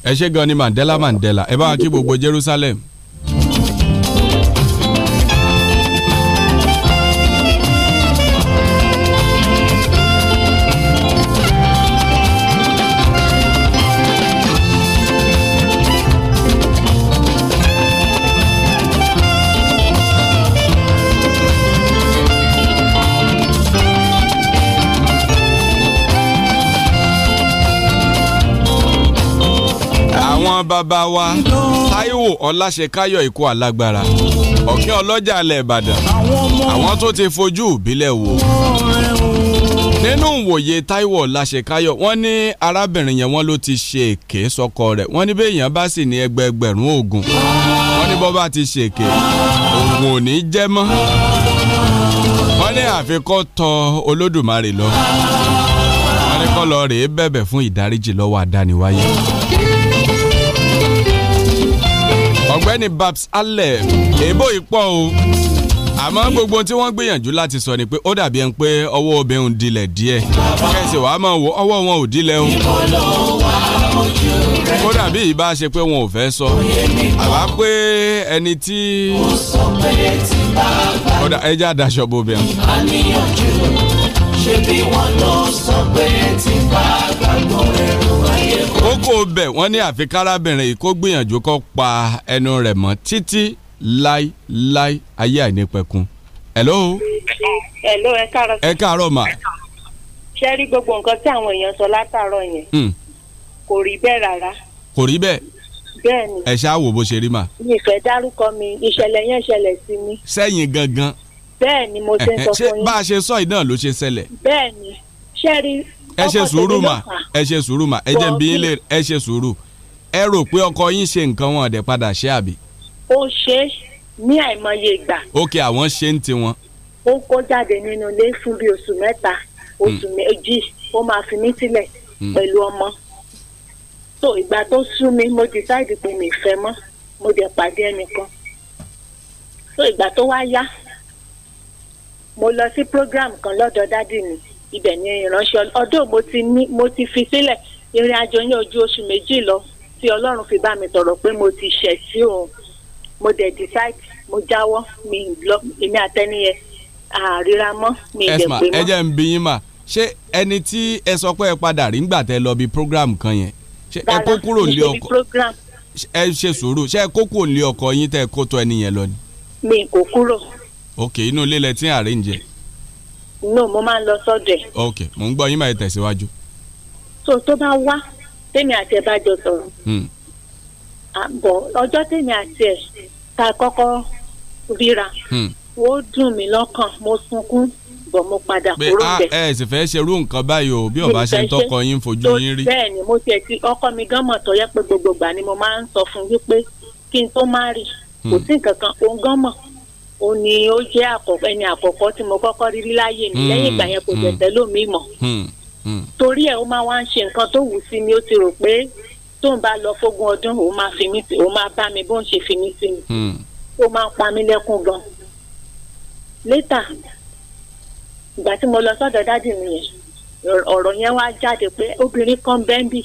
ẹ ṣé gan ni Mandela Mandela ẹ bá wa kí gbogbo Jerusalem. àwọn bàbá wa Táíwò Ọláṣekáyọ̀ ikú alágbára ọ̀kẹ́ ọlọ́jà alẹ́ Ìbàdàn àwọn tó ti fojú ìbílẹ̀ wò nínú ìwòye Táíwò Ọláṣekáyọ̀ wọ́n ní arábìnrin yẹn wọ́n ló ti ṣe èké sọ́kọ rẹ̀ wọ́n ní béèyàn bá sì ní ẹgbẹẹgbẹ̀rún oògùn wọ́n ní bọ́ bá ti ṣe èké oògùn ò ní jẹ́ mọ́ wọ́n ní àfikọ́ tọ Olódùmarè lọ wọ́n ní kọ́ rèé bẹ̀bẹ̀ fún ìdáríjì lọ́wọ́ àdániwáyé. ọ̀gbẹ́ni babs alẹ èbó ìpọ o àmọ́ gbogbo tí wọ́n gbìyànjú láti sọ ni pé ó dàbí ẹni pé ọwọ́ obìnrin dilẹ̀ díẹ̀ kẹsì wàá máa wo ọwọ́ wọn ò dilẹ̀ o ó dàbí ìbá ṣe pé wọn ò fẹ́ sọ àbá pé ẹni tí ẹja daṣọ bo bẹ̀rù. àníyànjú ṣe bí wọn ló sọ pé ti bá gbàgbọ́ rẹ̀ kókó bẹ̀ wọ́n ní àfi kárábìnrin yìí kó gbìyànjú kó pa ẹnu rẹ̀ mọ́ títí láíláí ayé àìnípẹ̀kun. hello. hello ẹ káàárọ̀. ẹ káàárọ̀ mà. ṣé rí gbogbo nǹkan tí àwọn èèyàn sọ látàárọ̀ yẹn hmm. kò rí bẹ́ẹ̀ rárá. kò rí bẹ́ẹ̀. bẹ́ẹ̀ni. ẹ ṣáà wò bó ṣe rí mà. ìfẹ́ dárúkọ mi ìṣẹ̀lẹ̀ yẹn ṣẹlẹ̀ sí mi. sẹ́yìn gangan. bẹ́ẹ̀ni mo ṣe ń sọ fún yín. bá a ṣe sọ yìí náà ló ṣe ṣẹlẹ̀. bẹ́ẹ̀ni ṣẹ́rí ẹ ṣe sùúrù mà ẹ ṣe sùúrù mà ẹ jẹ́ ń bí yín lè ẹ ṣe sùúrù ẹ rò pé ọkọ yín ṣe nǹkan wọn ọ̀dẹ̀ padà ṣe àbí. ó ṣe ní àìmọye ìgbà. ok àwọn ṣe ń tiwọn. ó kó jáde nínú ilé fún bíi oṣù mẹ́ta oṣù hmm. méjì ó máa fi mí sílẹ̀ hmm. pẹ̀lú ọmọ. so ìgbà tó sú mi mo decide pé mi fẹ́ mọ́ mo dẹ̀ pàdé ẹnìkan. so ìgbà tó wá yá mo lọ sí program kan lọ́dọ̀ dádì mi. Mm ibẹ̀ ni ìránṣẹ́ ọdún mo ti ní mo ti fi sílẹ̀ ìrìn àjò yẹn ojú oṣù méjì lọ tí ọlọ́run fi bá mi tọ̀rọ̀ pé mo ti ṣẹ̀ sí òun mo dẹ̀ decide mo jáwọ́ mi lọ èmi àtẹniyẹ àríra mọ́ mi ìdẹ̀ pé mọ́. ẹ jẹ́ ń bí yín mà ṣé ẹni tí ẹ sọ pé ẹ padà rí ńgbà tẹ lọ bí program kan yẹn ṣé ẹ kó kúrò nílé ọkọ ẹ ṣe sùúrù ṣé ẹ kó kúrò nílé ọkọ yín tẹ kó tọ ẹni yẹn lọ ni. mi kò kúrò. ok inú ilé lẹ ti ń arrange no mo máa ń lọ sọ́dọ̀ ok mò ń gbọ́ yín máa tẹ̀síwájú. so tó bá wá tèmi àti ẹ bá jọ sọ̀rọ̀. Hmm. àbọ̀ ọjọ́ tèmi àti ẹ̀ ta kọ́kọ́ ríra hmm. ó dùn mí lọ́kàn mo sunkún bọ̀ mo padà kúrò ah, bẹ̀. ẹ sì fẹ́ ṣerú nǹkan báyìí o bí ọba ṣe ń tọkọ yín fojú yín rí. bẹ́ẹ̀ ni mo tiẹ̀ ti ọkọ mi gan mọ̀ tó yẹ pé gbogbo ìgbà ni mo máa ń sọ fún wípé kí n tó má rí kò hmm. sí nǹkan kan òun gan o ní ó jẹ́ àkọ́kọ́ ẹni àkọ́kọ́ tí mo kọ́kọ́ rí rí láyé mi hmm, lẹ́yìn ìgbà yẹn kò tẹ̀tẹ̀ hmm. lómi mọ̀ hmm, torí ẹ̀ ó máa wá ń ṣe nǹkan tó wù sí mi ó ti rò pé tóun bá lọ fógun ọdún òun máa fi mí òun máa bá mi bó ń ṣe fi mí sí mi ó máa ń pa mí lẹ́kún gan létà ìgbà tí mo lọ sọ́dọ̀ dádì mi yẹn ọ̀rọ̀ yẹn wá jáde pé obìnrin kan bẹ́ńbì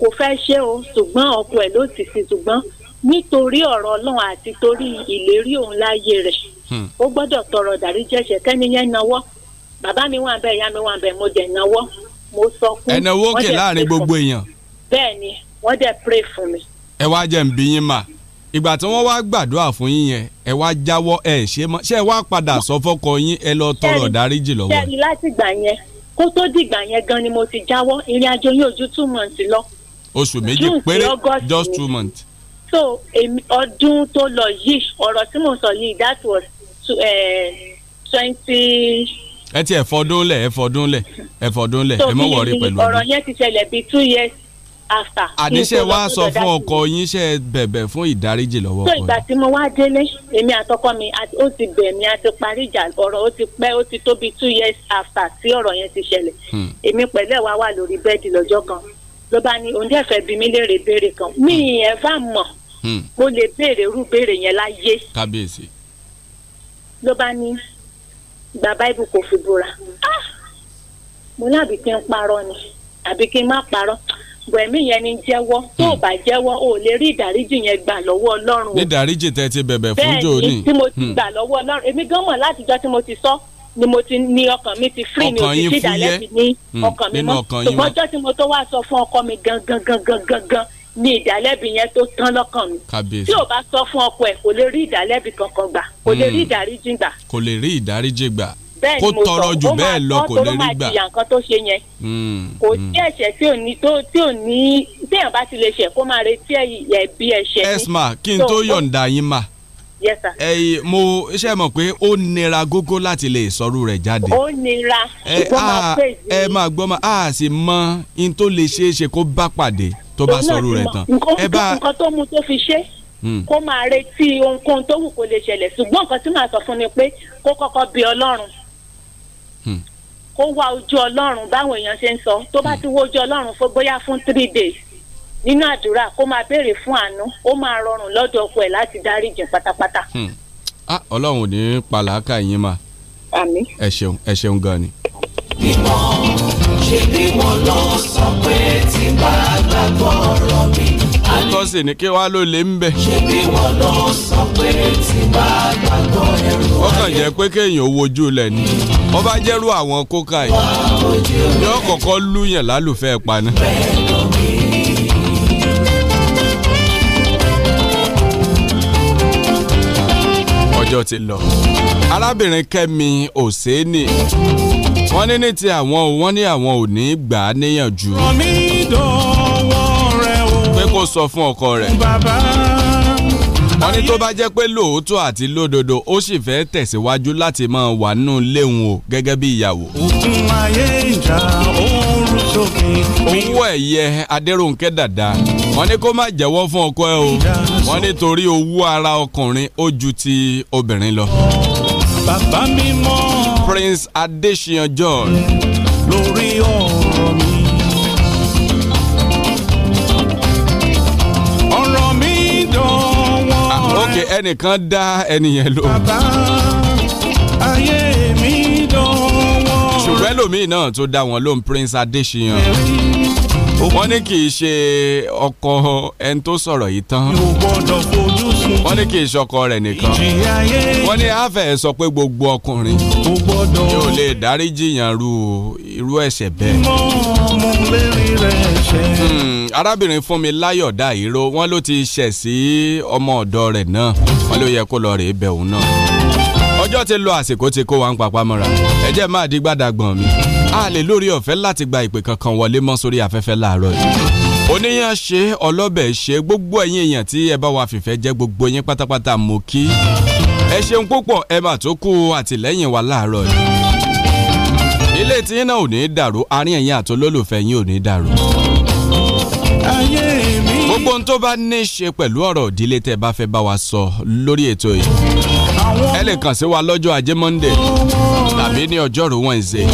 kò fẹ́ ṣe o ṣùgbọ́n ọkọ ẹ̀ ló ti sí ṣùgbọ́n nítorí ọ̀rọ̀ ọlọ́run àti torí ìlérí òun láyé rẹ̀ hmm. ó gbọ́dọ̀ tọrọ dáríjì ẹ̀ṣẹ̀ kẹ́niyẹn náwó bàbá mi wà bẹ́ẹ̀ ìyá mi wà bẹ́ẹ̀ mo dẹ̀ náwó mo sọ kú. ẹnáwó òkè láàrin gbogbo èèyàn. bẹ́ẹ̀ ni wọ́n dẹ̀ pray fún mi. ẹ wá jẹ́ nbí yín mà ìgbà tí wọ́n wá gbàdúrà fún yín yẹn ẹ wá jáwọ́ ẹ ṣe mọ́ ṣé ẹ wá padà sọ fọ́kọ yín ẹ lọ tọrọ dáríjì lọ́wọ́. sẹ́ni láti gbà yẹn kó tó dìgbà yẹn gan ni mo ti jáwọ́ ìrìn àjò yín ojú two months lọ. oṣù méjì péré just two months so ọdún tó lọ yìí ọ̀rọ̀ tí mo sọ yìí that was to eh, twenty. ẹ ti ẹ fọdún lẹ ẹ fọdún lẹ ẹ fọdún lẹ ẹ mọ wọrí pẹ̀lú ọdún. ọ̀rọ̀ yẹn ti ṣẹlẹ̀ bíi two years after. àníṣe wa sọ fún ọkọ yín ṣe bẹ̀bẹ̀ fún ìdáríjì lọ́wọ́ ọkọ yín. so ìgbà tí mo wá délé èmi àtọkọ mi ó ti bẹ̀ mí a ti parí ìjà ọ̀rọ̀ ó ti pẹ́ ó ti tó bíi two years after tí ọ̀rọ̀ yẹn ti ṣẹlẹ̀ hmm. èmi pẹ̀lẹ́ wa wà lórí bẹ́ẹ̀dì lọ́jọ́ kan ló bá ní òun dẹ́fẹ̀ẹ́ bí mi léèrè béèrè kan mí ẹ̀ bá mọ̀ mo hmm. lè béèrè irú béèrè yẹn láyé. kábíyèsí. ló bá ní gba báìbù kò fi búra ah! mo lábì kí n parọ́ ni àbí kí n má parọ́ bẹ̀mí yẹn ni jẹ́wọ́ tó o hmm. bá jẹ́wọ́ o lè rí ìdáríjì yẹn gbà lọ́wọ́ ọlọ́run o. ní ìdáríjì tẹ́ ti bẹ̀bẹ̀ fún jòní. bẹ́ẹ̀ ni tí mo ti hmm. gbà lọ́wọ́ ọlọ́run èmi gan mọ̀ látijọ́ tí mo ti sọ ni mo ti ní ọkàn mi ti free ni o ti ti dàlẹ́ mi ní ọkàn mi mọ́ ṣùgbọ́n ọjọ́ tí mo tó wá sọ fún ọkọ mi gan gan gan ni ìdálẹ́bi yẹn tó tán lọ́kàn mi tí ò bá sọ fún ọkọ ẹ̀ kò lè rí ìdálẹ́bi kankan gbà kò lè rí hmm. ìdáríjì gbà. kò lè rí ìdáríjì gbà kó tọrọ bẹ́ẹ̀ lọ kò lè rí gbà. nǹkan tó ṣe yẹn hmm, kò hmm. sí ẹ̀ṣẹ̀ tí ò ní tí ò ní téèyàn bá ti ni. esma kí n tó yọ̀ǹda yín mà ẹyìn mo ṣe mọ̀ pé ó nira gógó láti lè sọ̀rọ̀ rẹ̀ jáde. ó nira ìgbọ́n máa pè é. ẹ máa gbọ́ máa a sì mọ in tó lè ṣeé ṣe kó bá pàdé tó bá sọ̀rọ̀ rẹ̀ tán ẹ bá nǹkan tó mu tó fi ṣe hmm. kó máa retí ohunkóhun tó wù kó lè ṣẹlẹ̀ ṣùgbọ́n nǹkan tí màá sọ fún ni pé kó kọ́kọ́ bi Ọlọ́run hmm. kó wá ojú Ọlọ́run báwọn èèyàn ṣe ń sọ tó bá ti hmm. wo ojú Ọlọ́run fún bóyá fún three days nínú àdúrà kó máa béèrè fún àánú ó máa rọrùn lọ́dọ̀ ọkọ ẹ̀ láti dáríjì pátápátá. Ah, Ọlọ́run ò ní pàlàkà yín mà. àmín. ẹ ṣeun ẹ ṣeun gan ni. ìmọ̀ ṣe bí wọ́n lọ sọ pé tí bá gbàgbọ́ ọ̀rọ̀ mi. àtọ́ sì ni kí wàá ló lè ń bẹ̀. ṣe bí wọ́n lọ sọ pé tí bá gbàgbọ́ ẹrù ayé. ó kàn jẹ́ pé kéèyàn wojú lẹ̀ ni wọ́n bá jẹ́rú àwọn kókà yìí yóò kọ́kọ́ lùyàn lálùfẹ́ paná. bẹ́ẹ̀ lómi. ọjọ́ ti lọ arábìnrin kẹ́mi òsénì wọ́n ní ní ti àwọn o wọ́n ní àwọn ò ní gbà á níyànjú. rọ̀mí dọ̀wọ́ rẹ o. pé kó sọ fún ọkọ rẹ̀. bàbá wọ́n ní tó bá jẹ́ pé lóòótọ́ àti lódodo ó sì fẹ́ tẹ̀síwájú láti máa wà nínú léhùn o gẹ́gẹ́ bí ìyàwó. òkun ayé ìjà oorun sókè. owó ẹ̀yẹ Adéròǹkẹ́ Dàda wọ́n ní kó má jẹ́wọ́ fún ọkọ ẹ o wọ́n ní torí owó ara ọkùnrin ó ju ti obìnrin lọ. bàbá mi mọ́. Prince Adesian George. lórí ọ̀rọ̀ mi. ọ̀rọ̀ mi dánwọ́ rẹ. Ah, ok ẹnìkan dá ẹnìyẹn lò. bàbá ayé mi dánwọ́ rẹ. ṣùgbọ́n ẹlòmíì náà tó dá wọn lóhùn Prince Adesian. wọ́n ní kì í ṣe ọkọ ẹni tó sọ̀rọ̀ yìí tán. mi gbọ́dọ̀ fojú wọ́n ní kì í ṣọkọ rẹ̀ nìkan wọ́n ní àfẹ́ sọ pé gbogbo ọkùnrin yóò lè dáríjì yanru irú ẹ̀ṣẹ̀ bẹ́ẹ̀. Hmm, arábìnrin Fúnmiláyọ̀ Dáìró wọ́n ló ti ṣẹ̀ sí ọmọ ọ̀dọ̀ rẹ̀ náà wọ́n ló yẹ kó lọ rèé bẹ̀ òun náà ọjọ́ ti lọ àsìkò tí kó wa ń papá mọ́ra ẹ máa di gbàdàgbọ̀n mi a lè lórí ọ̀fẹ́ láti gba ìpè kankan wọlé mọ́ sórí afẹ́fẹ́ láàárọ̀ yìí oníyàn ṣe ọlọ́bẹ̀ ṣe gbogbo ẹ̀yin èèyàn tí ẹ bá wa fìfẹ́ jẹ́ gbogbo yín pátápátá mo kí ẹ ṣeun púpọ̀ ẹ mà tó kú àtìlẹ́yìn wa láàárọ̀ yìí ilé tí yín náà ò ní dàrú àárín ẹ̀yin àti olólùfẹ́ yín ò ní dàrú. gbogbo ohun tó bá ní í ṣe pẹ̀lú ọ̀rọ̀ ìdílé tẹ́ bá fẹ́ bá wa sọ lórí ètò yìí ẹ lè kàn sí wa lọ́jọ́ ajé Monday tàbí ní ọjọ́rú Wednesday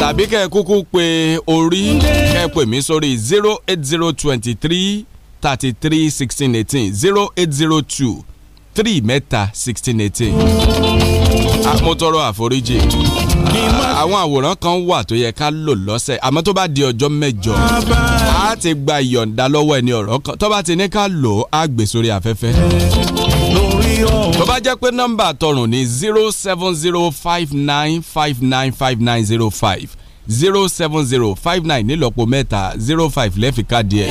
tàbí kẹ́ ẹ kúkú pe orí kẹ́ ẹ pè mí sórí zero eight zero twenty three thirty three sixteen eighteen zero eight zero two three mẹ́ta sixteen eighteen mo tọrọ àforíjì àwọn àwòrán kan wà tó yẹ ká lò lọ́sẹ̀ àmọ́ tó bá di ọjọ́ mẹ́jọ á ti gba ìyọ̀ǹda lọ́wọ́ ẹni ọ̀rọ̀ kan tó bá ti ní ká lò ó á gbé sórí afẹ́fẹ́ o. tó bá jẹ́ pé nọ́mbà tọrùn ní zero seven zero five nine five nine five nine zero five zero seven zero five nine nílọ́pọ̀ mẹ́ta zero five lẹ́fìkà díẹ̀.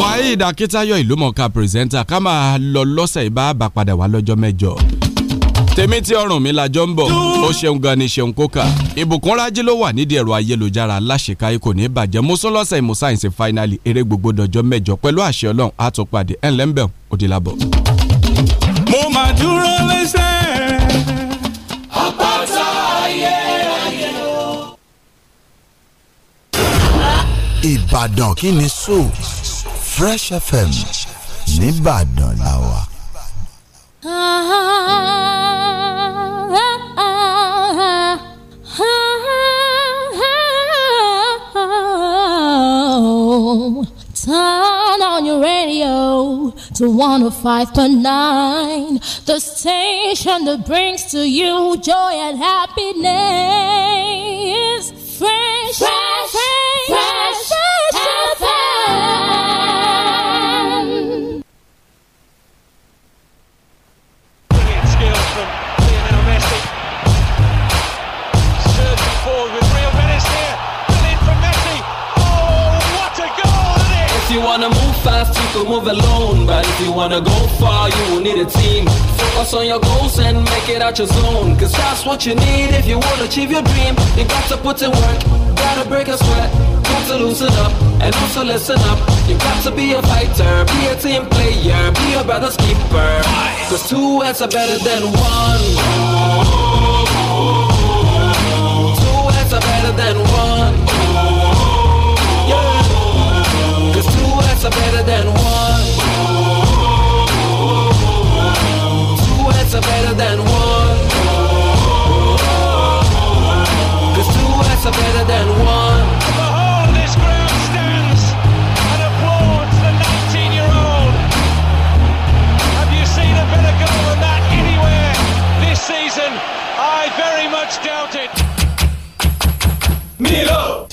Waheed Akitayo ìlúmọ̀ọ́ká pírẹsẹ́ńtà ká máa lọ lọ́sẹ̀ ìbá bá padà wá lọ́jọ́ mẹ́jọ. tèmi tí ọrùn mi lajọ ń bọ̀ ó ṣeun gan ni ṣeun kókà ìbùkún rájí ló wà nídìí ẹ̀rọ ayélujára aláṣekáyé kò ní bàjẹ́ mo lọ́sẹ̀ ìmọ̀ sáyẹ̀nsì eré gbogbo dọjọ́ mẹ́jọ pẹ̀lú àṣẹ ọlọ́run àtúnpàdé ẹ̀ òdìlábọ̀ mo máa dúró lẹ́sẹ̀ àpáta ayé ayé o. ìbàdàn kí ni so fresh fm nìbàdàn làwà. Ah, ah, ah. ah, ah. to 105.9, the station that brings to you joy and happiness. Fresh, fresh, fresh. to move alone. But if you wanna go far, you will need a team. Focus on your goals and make it out your zone. Cause that's what you need if you wanna achieve your dream. You got to put in work, gotta break a sweat. Got to loosen up and also listen up. You got to be a fighter, be a team player, be a brother's keeper. Cause two heads are better than one. Two heads are better than one. hearts are better than one. Two heads are better than one. Cause two heads are better than one. The whole this stands and applauds the 19 year old. Have you seen a better goal than that anywhere this season? I very much doubt it.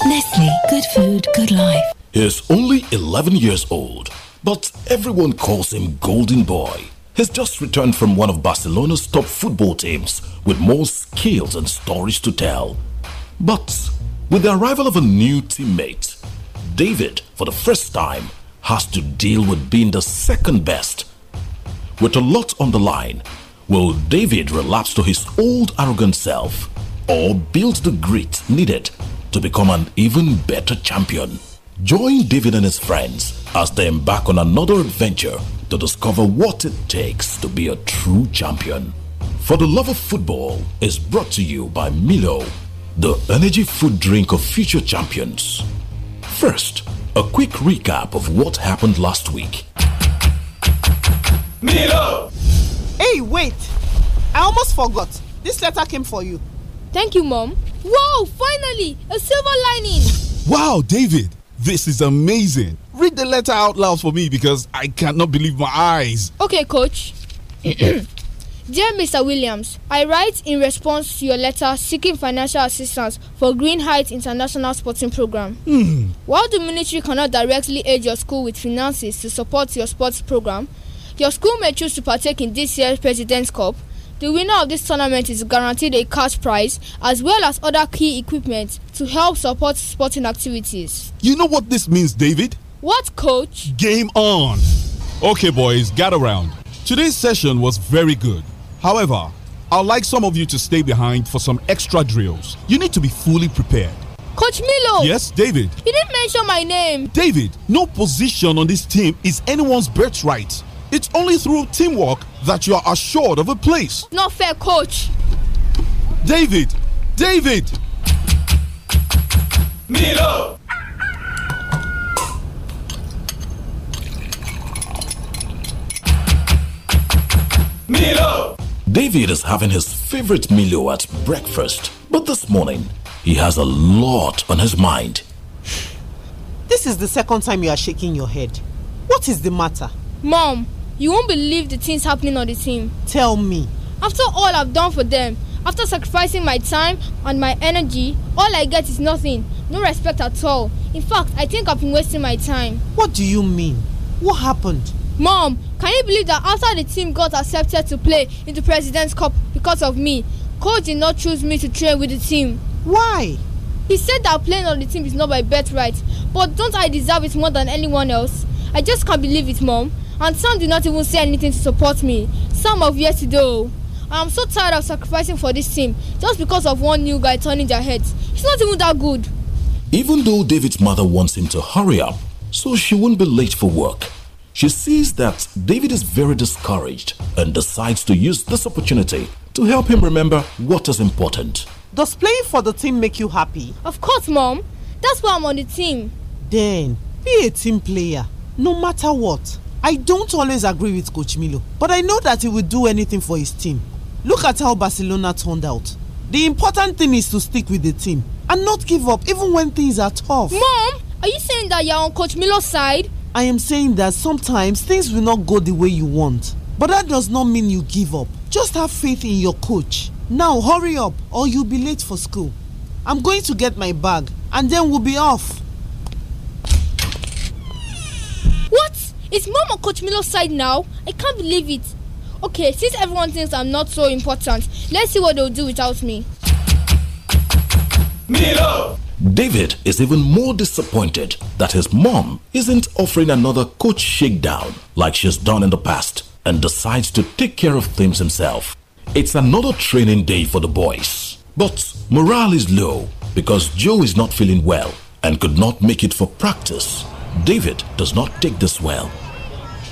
Nestle, good food, good life. He's only 11 years old, but everyone calls him Golden Boy. He's just returned from one of Barcelona's top football teams with more skills and stories to tell. But with the arrival of a new teammate, David, for the first time, has to deal with being the second best. With a lot on the line, will David relapse to his old arrogant self or build the grit needed to become an even better champion? Join David and his friends as they embark on another adventure to discover what it takes to be a true champion. For the Love of Football is brought to you by Milo, the energy food drink of future champions. First, a quick recap of what happened last week. Milo! Hey, wait! I almost forgot. This letter came for you. Thank you, Mom. Wow, finally! A silver lining! Wow, David! This is amazing. Read the letter out loud for me because I cannot believe my eyes. Okay, coach. Dear Mr. Williams, I write in response to your letter seeking financial assistance for Green Heights International Sporting Program. Mm. While the ministry cannot directly aid your school with finances to support your sports program, your school may choose to partake in this year's President's Cup. The winner of this tournament is guaranteed a cash prize as well as other key equipment to help support sporting activities. You know what this means, David? What, coach? Game on! Okay, boys, gather round. Today's session was very good. However, I'd like some of you to stay behind for some extra drills. You need to be fully prepared. Coach Milo! Yes, David. You didn't mention my name. David, no position on this team is anyone's birthright. It's only through teamwork that you are assured of a place. Not fair, coach. David! David! Milo! Milo! David is having his favorite Milo at breakfast, but this morning he has a lot on his mind. This is the second time you are shaking your head. What is the matter? Mom, you won't believe the things happening on the team. Tell me. After all I've done for them, after sacrificing my time and my energy, all I get is nothing. No respect at all. In fact, I think I've been wasting my time. What do you mean? What happened? Mom, can you believe that after the team got accepted to play in the President's Cup because of me, coach did not choose me to train with the team? Why? He said that playing on the team is not my birthright, but don't I deserve it more than anyone else? I just can't believe it, Mom. And Sam did not even say anything to support me. yet of do. Oh. I am so tired of sacrificing for this team just because of one new guy turning their heads. He's not even that good. Even though David's mother wants him to hurry up so she won't be late for work, she sees that David is very discouraged and decides to use this opportunity to help him remember what is important. Does playing for the team make you happy? Of course, Mom. That's why I'm on the team. Then, be a team player, no matter what. I don't always agree with Coach Milo, but I know that he will do anything for his team. Look at how Barcelona turned out. The important thing is to stick with the team and not give up even when things are tough. Mom, are you saying that you're on Coach Milo's side? I am saying that sometimes things will not go the way you want. But that does not mean you give up. Just have faith in your coach. Now hurry up or you'll be late for school. I'm going to get my bag and then we'll be off. What? Is mom on Coach Milo's side now? I can't believe it. Okay, since everyone thinks I'm not so important, let's see what they'll do without me. Milo! David is even more disappointed that his mom isn't offering another coach shakedown like she's done in the past and decides to take care of things himself. It's another training day for the boys. But morale is low because Joe is not feeling well and could not make it for practice. David does not take this well.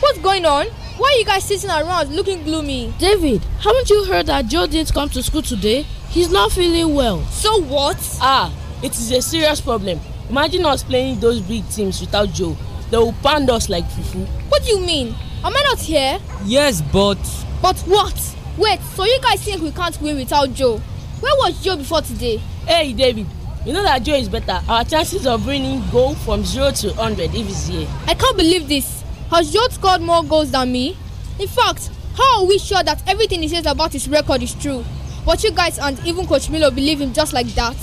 What's going on? Why are you guys sitting around looking gloomy? David, haven't you heard that Joe didn't come to school today? He's not feeling well. So what? Ah, it is a serious problem. Imagine us playing those big teams without Joe. They will pound us like fufu. What do you mean? Am I not here? Yes, but. But what? Wait, so you guys think we can't win without Joe? Where was Joe before today? Hey, David, you know that Joe is better. Our chances of winning go from 0 to 100 if he's here. I can't believe this. Has Joe scored more goals than me? In fact, how are we sure that everything he says about his record is true? But you guys and even Coach Milo believe him just like that.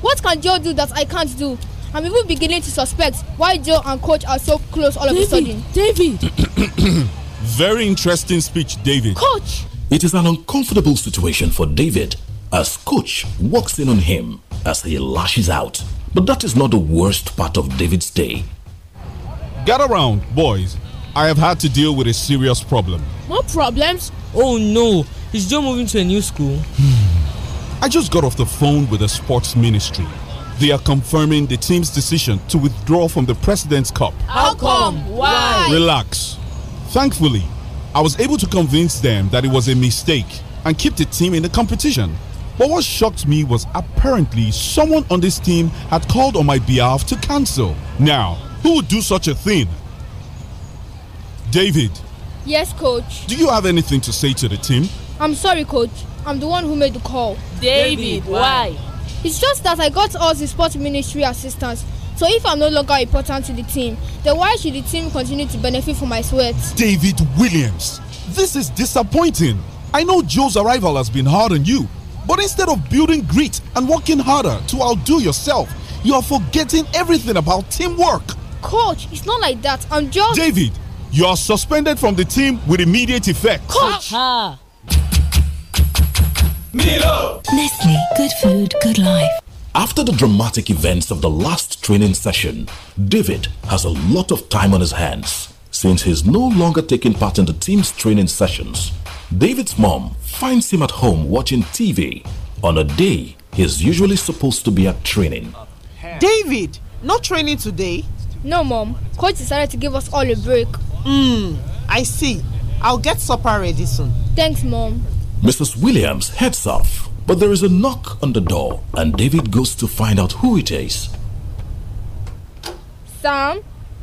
What can Joe do that I can't do? I'm even beginning to suspect why Joe and Coach are so close all David, of a sudden. David! Very interesting speech, David. Coach! It is an uncomfortable situation for David as Coach walks in on him as he lashes out. But that is not the worst part of David's day. Get around, boys. I have had to deal with a serious problem. What problems? Oh no, is Joe moving to a new school? Hmm. I just got off the phone with the sports ministry. They are confirming the team's decision to withdraw from the President's Cup. How come? Why? Relax. Thankfully, I was able to convince them that it was a mistake and keep the team in the competition. But what shocked me was apparently someone on this team had called on my behalf to cancel. Now, who would do such a thing? David. Yes, coach. Do you have anything to say to the team? I'm sorry, coach. I'm the one who made the call. David, why? It's just that I got all the sports ministry assistance. So if I'm no longer important to the team, then why should the team continue to benefit from my sweat? David Williams, this is disappointing. I know Joe's arrival has been hard on you, but instead of building grit and working harder to outdo yourself, you are forgetting everything about teamwork. Coach, it's not like that. I'm just. David, you are suspended from the team with immediate effect. Coach! Ha -ha. Milo! Nestle, good food, good life. After the dramatic events of the last training session, David has a lot of time on his hands since he's no longer taking part in the team's training sessions. David's mom finds him at home watching TV on a day he's usually supposed to be at training. David, no training today? No, Mom. Coach decided to give us all a break. Hmm, I see. I'll get supper ready soon. Thanks, Mom. Mrs. Williams heads off, but there is a knock on the door, and David goes to find out who it is. Sam?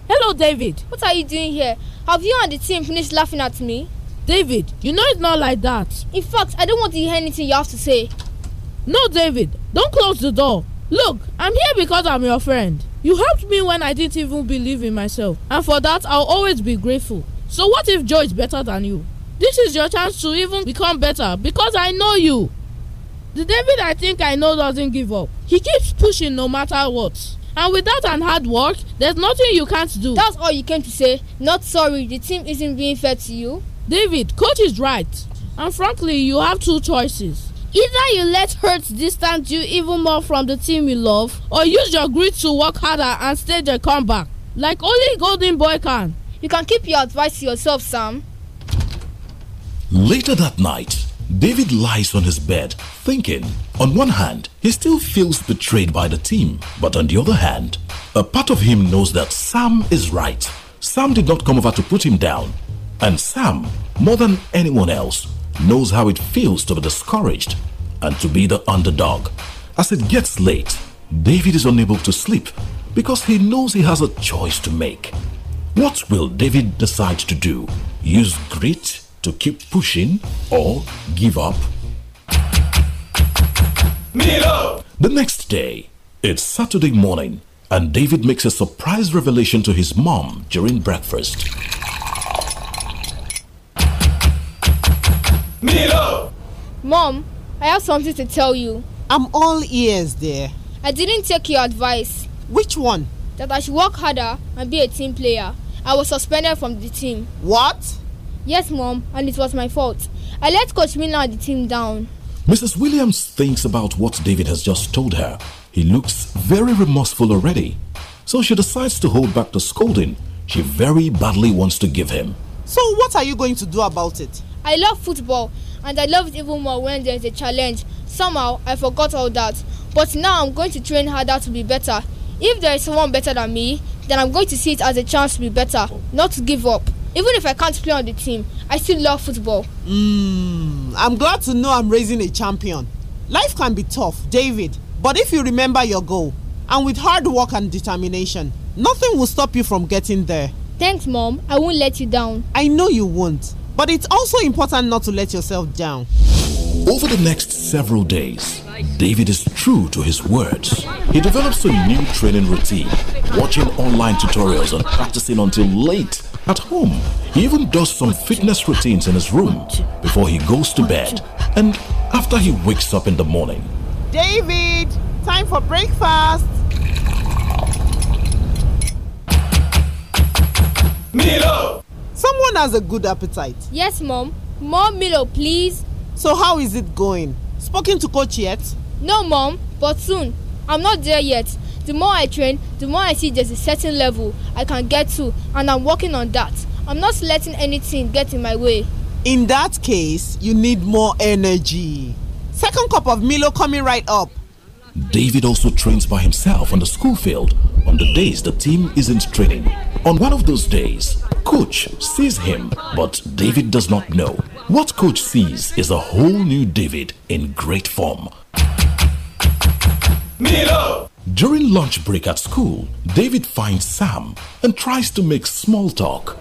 Hello, David. What are you doing here? Have you and the team finished laughing at me? David, you know it's not like that. In fact, I don't want to hear anything you have to say. No, David, don't close the door. Look, I'm here because I'm your friend. You helped me when I didn't even believe in myself, and for that, I'll always be grateful. So, what if Joe is better than you? This is your chance to even become better because I know you. The David I think I know doesn't give up. He keeps pushing no matter what. And with that and hard work, there's nothing you can't do. That's all you came to say. Not sorry, the team isn't being fair to you. David, coach is right. And frankly, you have two choices. Either you let hurt distance you even more from the team you love, or use your grit to work harder and stage a comeback, like only Golden Boy can. You can keep your advice to yourself, Sam. Later that night, David lies on his bed, thinking. On one hand, he still feels betrayed by the team, but on the other hand, a part of him knows that Sam is right. Sam did not come over to put him down, and Sam, more than anyone else, knows how it feels to be discouraged and to be the underdog. As it gets late, David is unable to sleep because he knows he has a choice to make. What will David decide to do? Use grit to keep pushing or give up? Milo! The next day, it's Saturday morning, and David makes a surprise revelation to his mom during breakfast. Milo! Mom, I have something to tell you. I'm all ears, dear. I didn't take your advice. Which one? That I should work harder and be a team player. I was suspended from the team. What? Yes, Mom, and it was my fault. I let Coach Miller and the team down. Mrs. Williams thinks about what David has just told her. He looks very remorseful already. So she decides to hold back the scolding she very badly wants to give him. So, what are you going to do about it? I love football and I love it even more when there's a challenge. Somehow I forgot all that, but now I'm going to train harder to be better. If there is someone better than me, then I'm going to see it as a chance to be better, not to give up. Even if I can't play on the team, I still love football. Hmm, I'm glad to know I'm raising a champion. Life can be tough, David, but if you remember your goal, and with hard work and determination, nothing will stop you from getting there. Thanks, Mom. I won't let you down. I know you won't. But it's also important not to let yourself down. Over the next several days, David is true to his words. He develops a new training routine, watching online tutorials and practicing until late at home. He even does some fitness routines in his room before he goes to bed and after he wakes up in the morning. David, time for breakfast. Milo! Someone has a good appetite. Yes, Mom. More Milo, please. So how is it going? Spoken to coach yet? No, Mom, but soon. I'm not there yet. The more I train, the more I see there's a certain level I can get to, and I'm working on that. I'm not letting anything get in my way. In that case, you need more energy. Second cup of Milo coming right up. David also trains by himself on the school field on the days the team isn't training. On one of those days, coach sees him, but David does not know. What coach sees is a whole new David in great form. Milo! During lunch break at school, David finds Sam and tries to make small talk.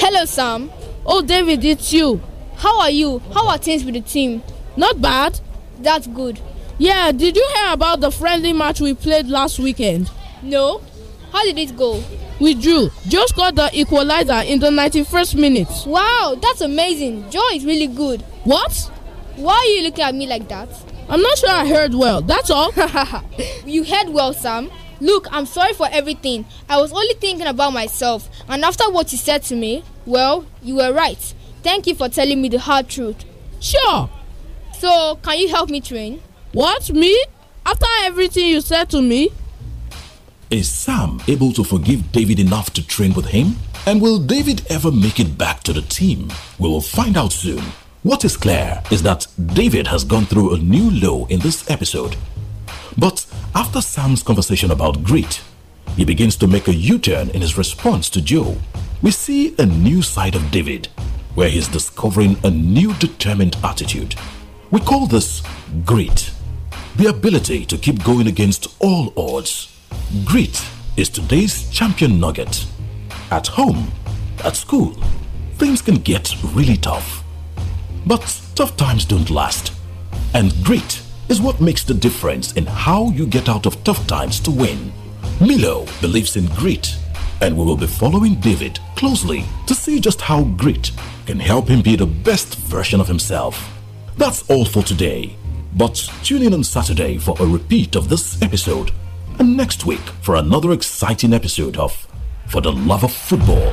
Hello, Sam. Oh, David, it's you. How are you? How are things with the team? Not bad. That's good. Yeah, did you hear about the friendly match we played last weekend? No. How did it go? We drew. Joe scored the equalizer in the 91st minute. Wow, that's amazing. Joe is really good. What? Why are you looking at me like that? I'm not sure I heard well, that's all. you heard well, Sam. Look, I'm sorry for everything. I was only thinking about myself, and after what you said to me, well, you were right. Thank you for telling me the hard truth. Sure, so, can you help me train? What, me? After everything you said to me? Is Sam able to forgive David enough to train with him? And will David ever make it back to the team? We will find out soon. What is clear is that David has gone through a new low in this episode. But after Sam's conversation about grit, he begins to make a U turn in his response to Joe. We see a new side of David, where he's discovering a new determined attitude. We call this grit, the ability to keep going against all odds. Grit is today's champion nugget. At home, at school, things can get really tough. But tough times don't last. And grit is what makes the difference in how you get out of tough times to win. Milo believes in grit, and we will be following David closely to see just how grit can help him be the best version of himself. That's all for today. But tune in on Saturday for a repeat of this episode and next week for another exciting episode of For the Love of Football.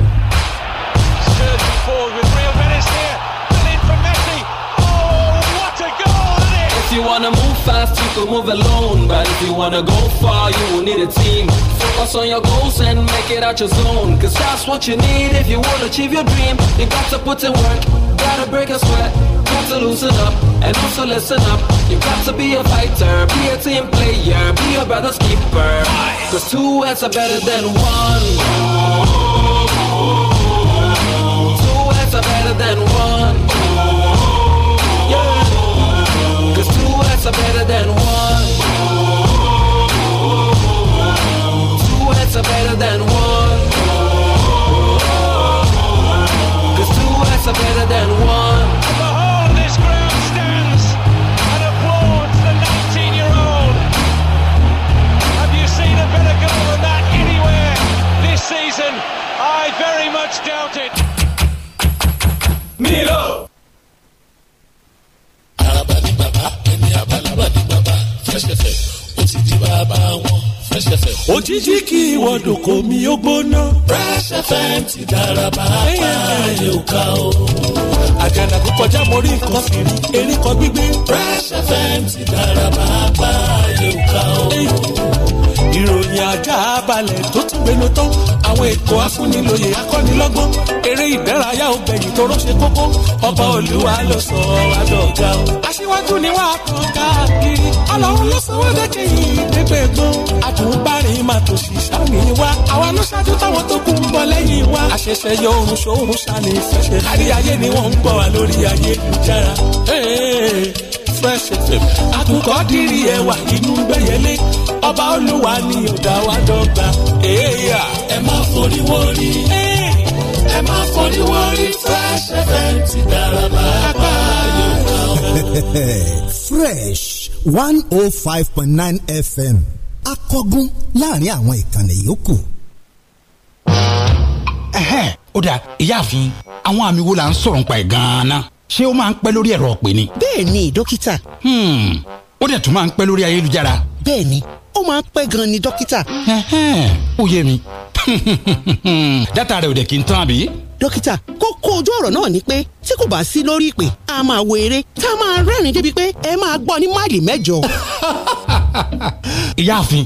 fast, you can move alone. But if you wanna go far, you will need a team. Focus on your goals and make it out your zone. Cause that's what you need if you wanna achieve your dream. You got to put in work, gotta break a sweat. Got to loosen up and also listen up. You got to be a fighter, be a team player, be a brother's keeper. Cause two heads are better than one. Two heads are better than one. heads are better than one. Two heads are better than one. Cause two heads are better than one. The whole this stands and applauds the 19 year old. Have you seen a better goal than that anywhere this season? I very much doubt it. Milo! òjijì kí ìwọ́dùn kò mí ó gbóná. Fresh FM ti dára pàápàá yóò ká o. àjànà kó kọjá mo rí nǹkan fìrí erékọ gbígbé. Fresh FM ti dára pàápàá yóò ká o ìròyìn ajá balẹ̀ tó tún gbénu tán àwọn ètò afúnilòyè akọ́nilọ́gbọ́n eré ìdárayá obìnrin tó rọ́ṣẹ́ kókó ọba olúwa ló sọ àdọ̀gá o. aṣíwájú ni wàá kàn káàkiri ọlọ́run ló sọ wọ́n dẹ́kẹ́ yìí dẹ́gbẹ́ gbọ́n àtúbárìn máa tò sí sámi wa àwa ló ṣáájú táwọn tó kù ń bọ̀ lẹ́yìn wa. àṣẹ̀ṣẹ̀ yọ oorun ṣòun ṣàní ìfẹsẹ̀ kárí ni wọ́n ń gbọ́ wa lórí ayélujára fresh fm dìrì ẹwà inú gbẹ̀yẹlé ọba olúwa ni ọ̀dà wa dọ́gba. ẹ má forí wọrí ẹ má forí wọrí fresh fm ti dára pàápàá yóò wá ọ. fresh one oh five point nine fm akọgun láàrin àwọn ìkànnì yòókù. ẹ̀hẹ́ ó dà ìyáàfin àwọn àmì wo la ń sọ̀rọ̀ nípa ẹ̀ gan-an náà ṣé ó máa ń pẹ́ lórí ẹ̀rọ ọ̀pẹ ni. bẹ́ẹ̀ni dókítà. Hmm, ó dẹ̀ tún máa ń pẹ́ lórí ayélujára. bẹ́ẹ̀ni ó máa ń pẹ́ gan-an ni dókítà. ó yé mi dátà rẹ̀ ò dẹ̀ kí n tán àbí. dókítà kókó ojú ọ̀rọ̀ náà ni pé tí kò bá sí lórí ìpè a máa wo eré tá a máa rẹ́rìn-ín débi pé ẹ máa gbọ́ ní máìlì mẹ́jọ. ìyáàfin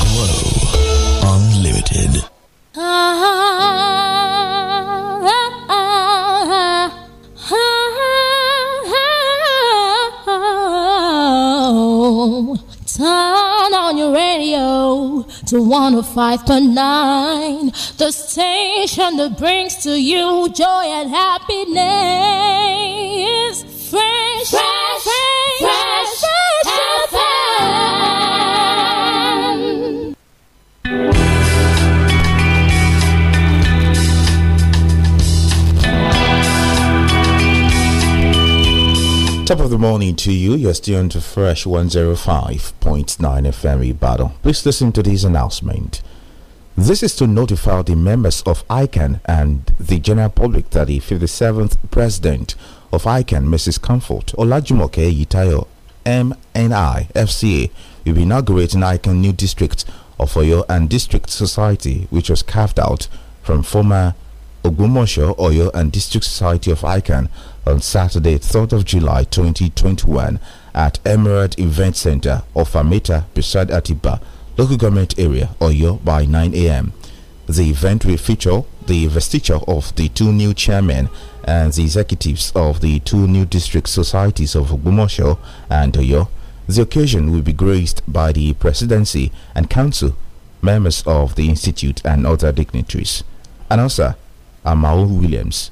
Turn on your radio to 105.9, the station that brings to you joy and happiness. Fresh, fresh, fresh. Top of the morning to you. You're still on to Fresh 105.9 FM Battle. Please listen to this announcement. This is to notify the members of ICANN and the general public that the 57th president of ICANN, Mrs. Comfort Olajumoke Itayo, MNI FCA, will be inaugurating ICANN new district of Oyo and District Society, which was carved out from former Ogumosho Oyo and District Society of ICANN on Saturday, 3rd of July 2021 at Emirate Event Center of Amita beside Atiba, local government area, Oyo by 9 a.m. The event will feature the vestiture of the two new chairmen and the executives of the two new district societies of Ogumosho and Oyo. The occasion will be graced by the presidency and council, members of the institute and other dignitaries. Announcer Amau Williams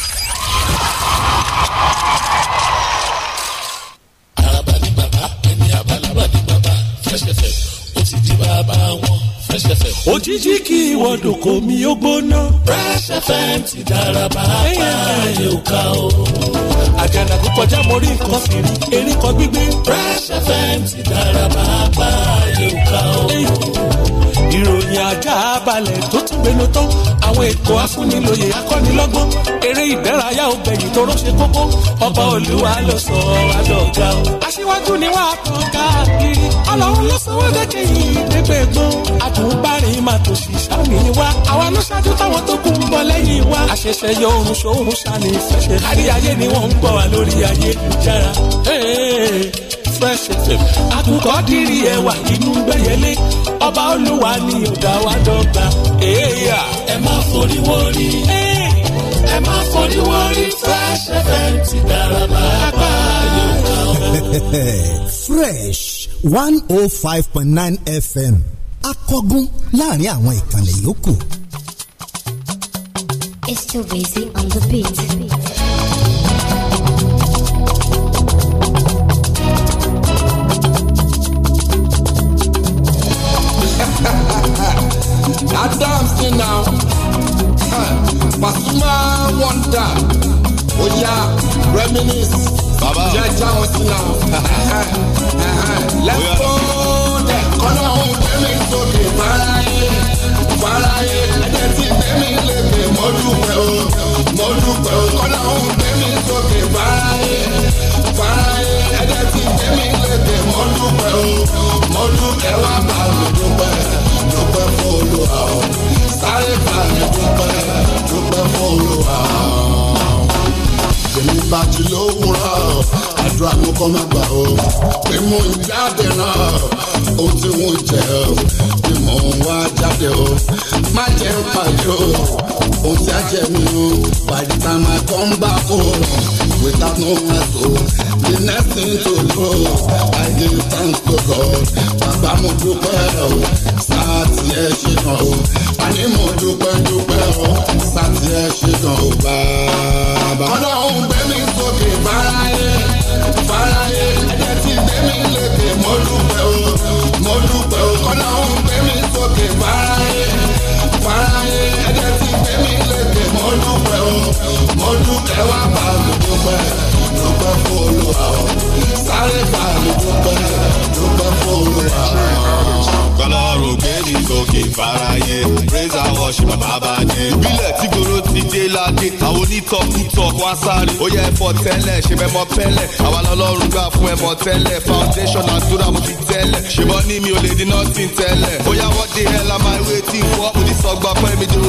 Fresh FM. òjijì kí ìwọ́dọ̀ kò mí ó gbóná. Fresh FM ti dára pàápàá yóò ká o. àjànà kó kọjá mo rí nǹkan fìrí erin kan gbígbé. Fresh FM ti dára pàápàá yóò ká o. ìròyìn ajá balẹ̀ tó tún gbénu tán àwọn ètò afúnilòyè akọ́nilọ́gbọ́n eré ìdárayá obìnrin tó rọ́ṣẹ́ kókó ọba olúwa ló sọ adọ́gà o. aṣíwájú ni wàá tàn káàkiri ọlọ́run ló sọ wọ́n dẹ́kẹ́ yìí dẹ́gbẹ́ gbọ́n àtúbárìn máa tò sí sàmì wa àwa ló ṣáájú táwọn tó kù ń bọ̀ lẹ́yìn wa. àṣẹ̀ṣẹ̀ yọ oorun ṣòun ṣàní ìfẹsẹ̀ kárí ni wọ́n ń gbọ́ wa lórí ayélujára fresh fm àkùkọ dìrì ẹwà inú gbẹ̀yẹlé ọba olúwa ni ọ̀dà wa dọ́gba. ẹ má forí wọrí ẹ má forí wọrí fresh fm ti dára pàápàá fresh one oh five point nine fm akọgun láàrin àwọn ìkànnì yòókù. it's too busy on the beat.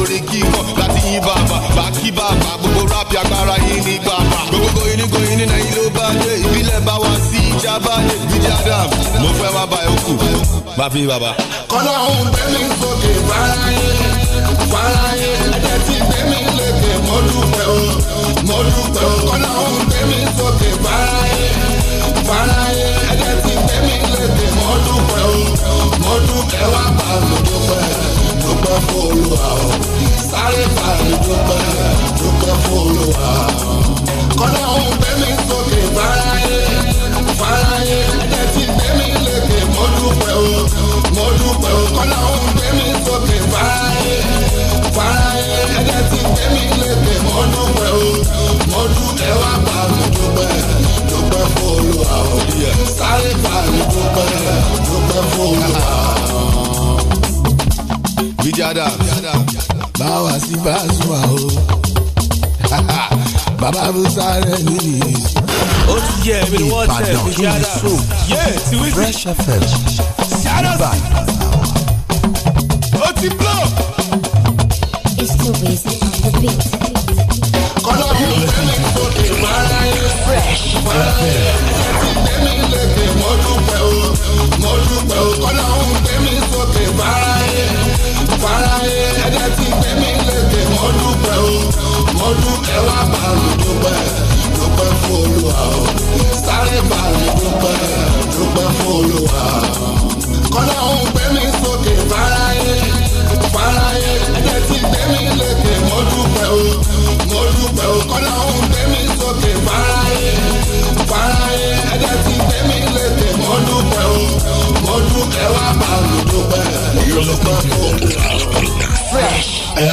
lórí kíkọ́ láti yín bàbà bàkí bàbà gbogbo rápì agbára yín ní bàbà gbogbo ìníkò yín ní nàìjíríà ló bá dé ìbílẹ̀ bá wá sí ìjà bá dé bíjì adam mo fẹ́ wá bá yóò kù bá fi bàbà. kọ́lá òun tẹ́lẹ̀ ń sókè fáráyé fáráyé ẹ̀jẹ̀ tí tẹ́mi lékè mo dúpẹ́ o mo dúpẹ́ o kọ́lá òun tẹ́mi sókè fáráyé fáráyé ẹ̀jẹ̀ tí tẹ́mi lékè mo dúpẹ́ o mo dúpẹ́ wá bá mo dúpẹ́ dúpẹ́ f'Olúwa o sáré parí dúpẹ́ dúpẹ́ f'Olúwa o. kọ́lá ń gbé mi sókè fáráyé fáráyé ẹ̀jẹ̀ ti gbé mi lékè mo o mo dúpẹ́ o kọ́lá ń gbé mi sókè fáráyé fáráyé ẹ̀jẹ̀ ti gbé mi lékè mo dúpẹ́ o mo dúpẹ́ wá bá mi dúpẹ́ dúpẹ́ f'Olúwa o sáré parí dúpẹ́ dúpẹ́ f'Olúwa o jada báwa sí Pasuma o bàbá Musa rẹ nìyí. ó ti yẹ mi wọ́n tẹ̀ fi jada Fresh ti blow. it's the reason of the beat. kọ́lá mi ò lẹ́nu tó lè máa yẹ. Fresh FM. mo dúpẹ́ o mo dúpẹ́ o kọ́lá òun gbé mi sókè bára faraye ẹ̀jẹ̀ ti gbẹ̀mí lédè mo dúpẹ́ o mo dúpẹ́ wá bàrù dúpẹ́ dúpẹ́ fún Olúwa o sáré bàrù dúpẹ́ dúpẹ́ fún Olúwa kọ́lá òun gbẹ̀mí sókè faraye faraye ẹ̀jẹ̀ ti gbẹ̀mí lédè mo dúpẹ́ o mo dúpẹ́ o kọ́lá òun gbẹ̀mí sókè faraye faraye ẹ̀jẹ̀ ti.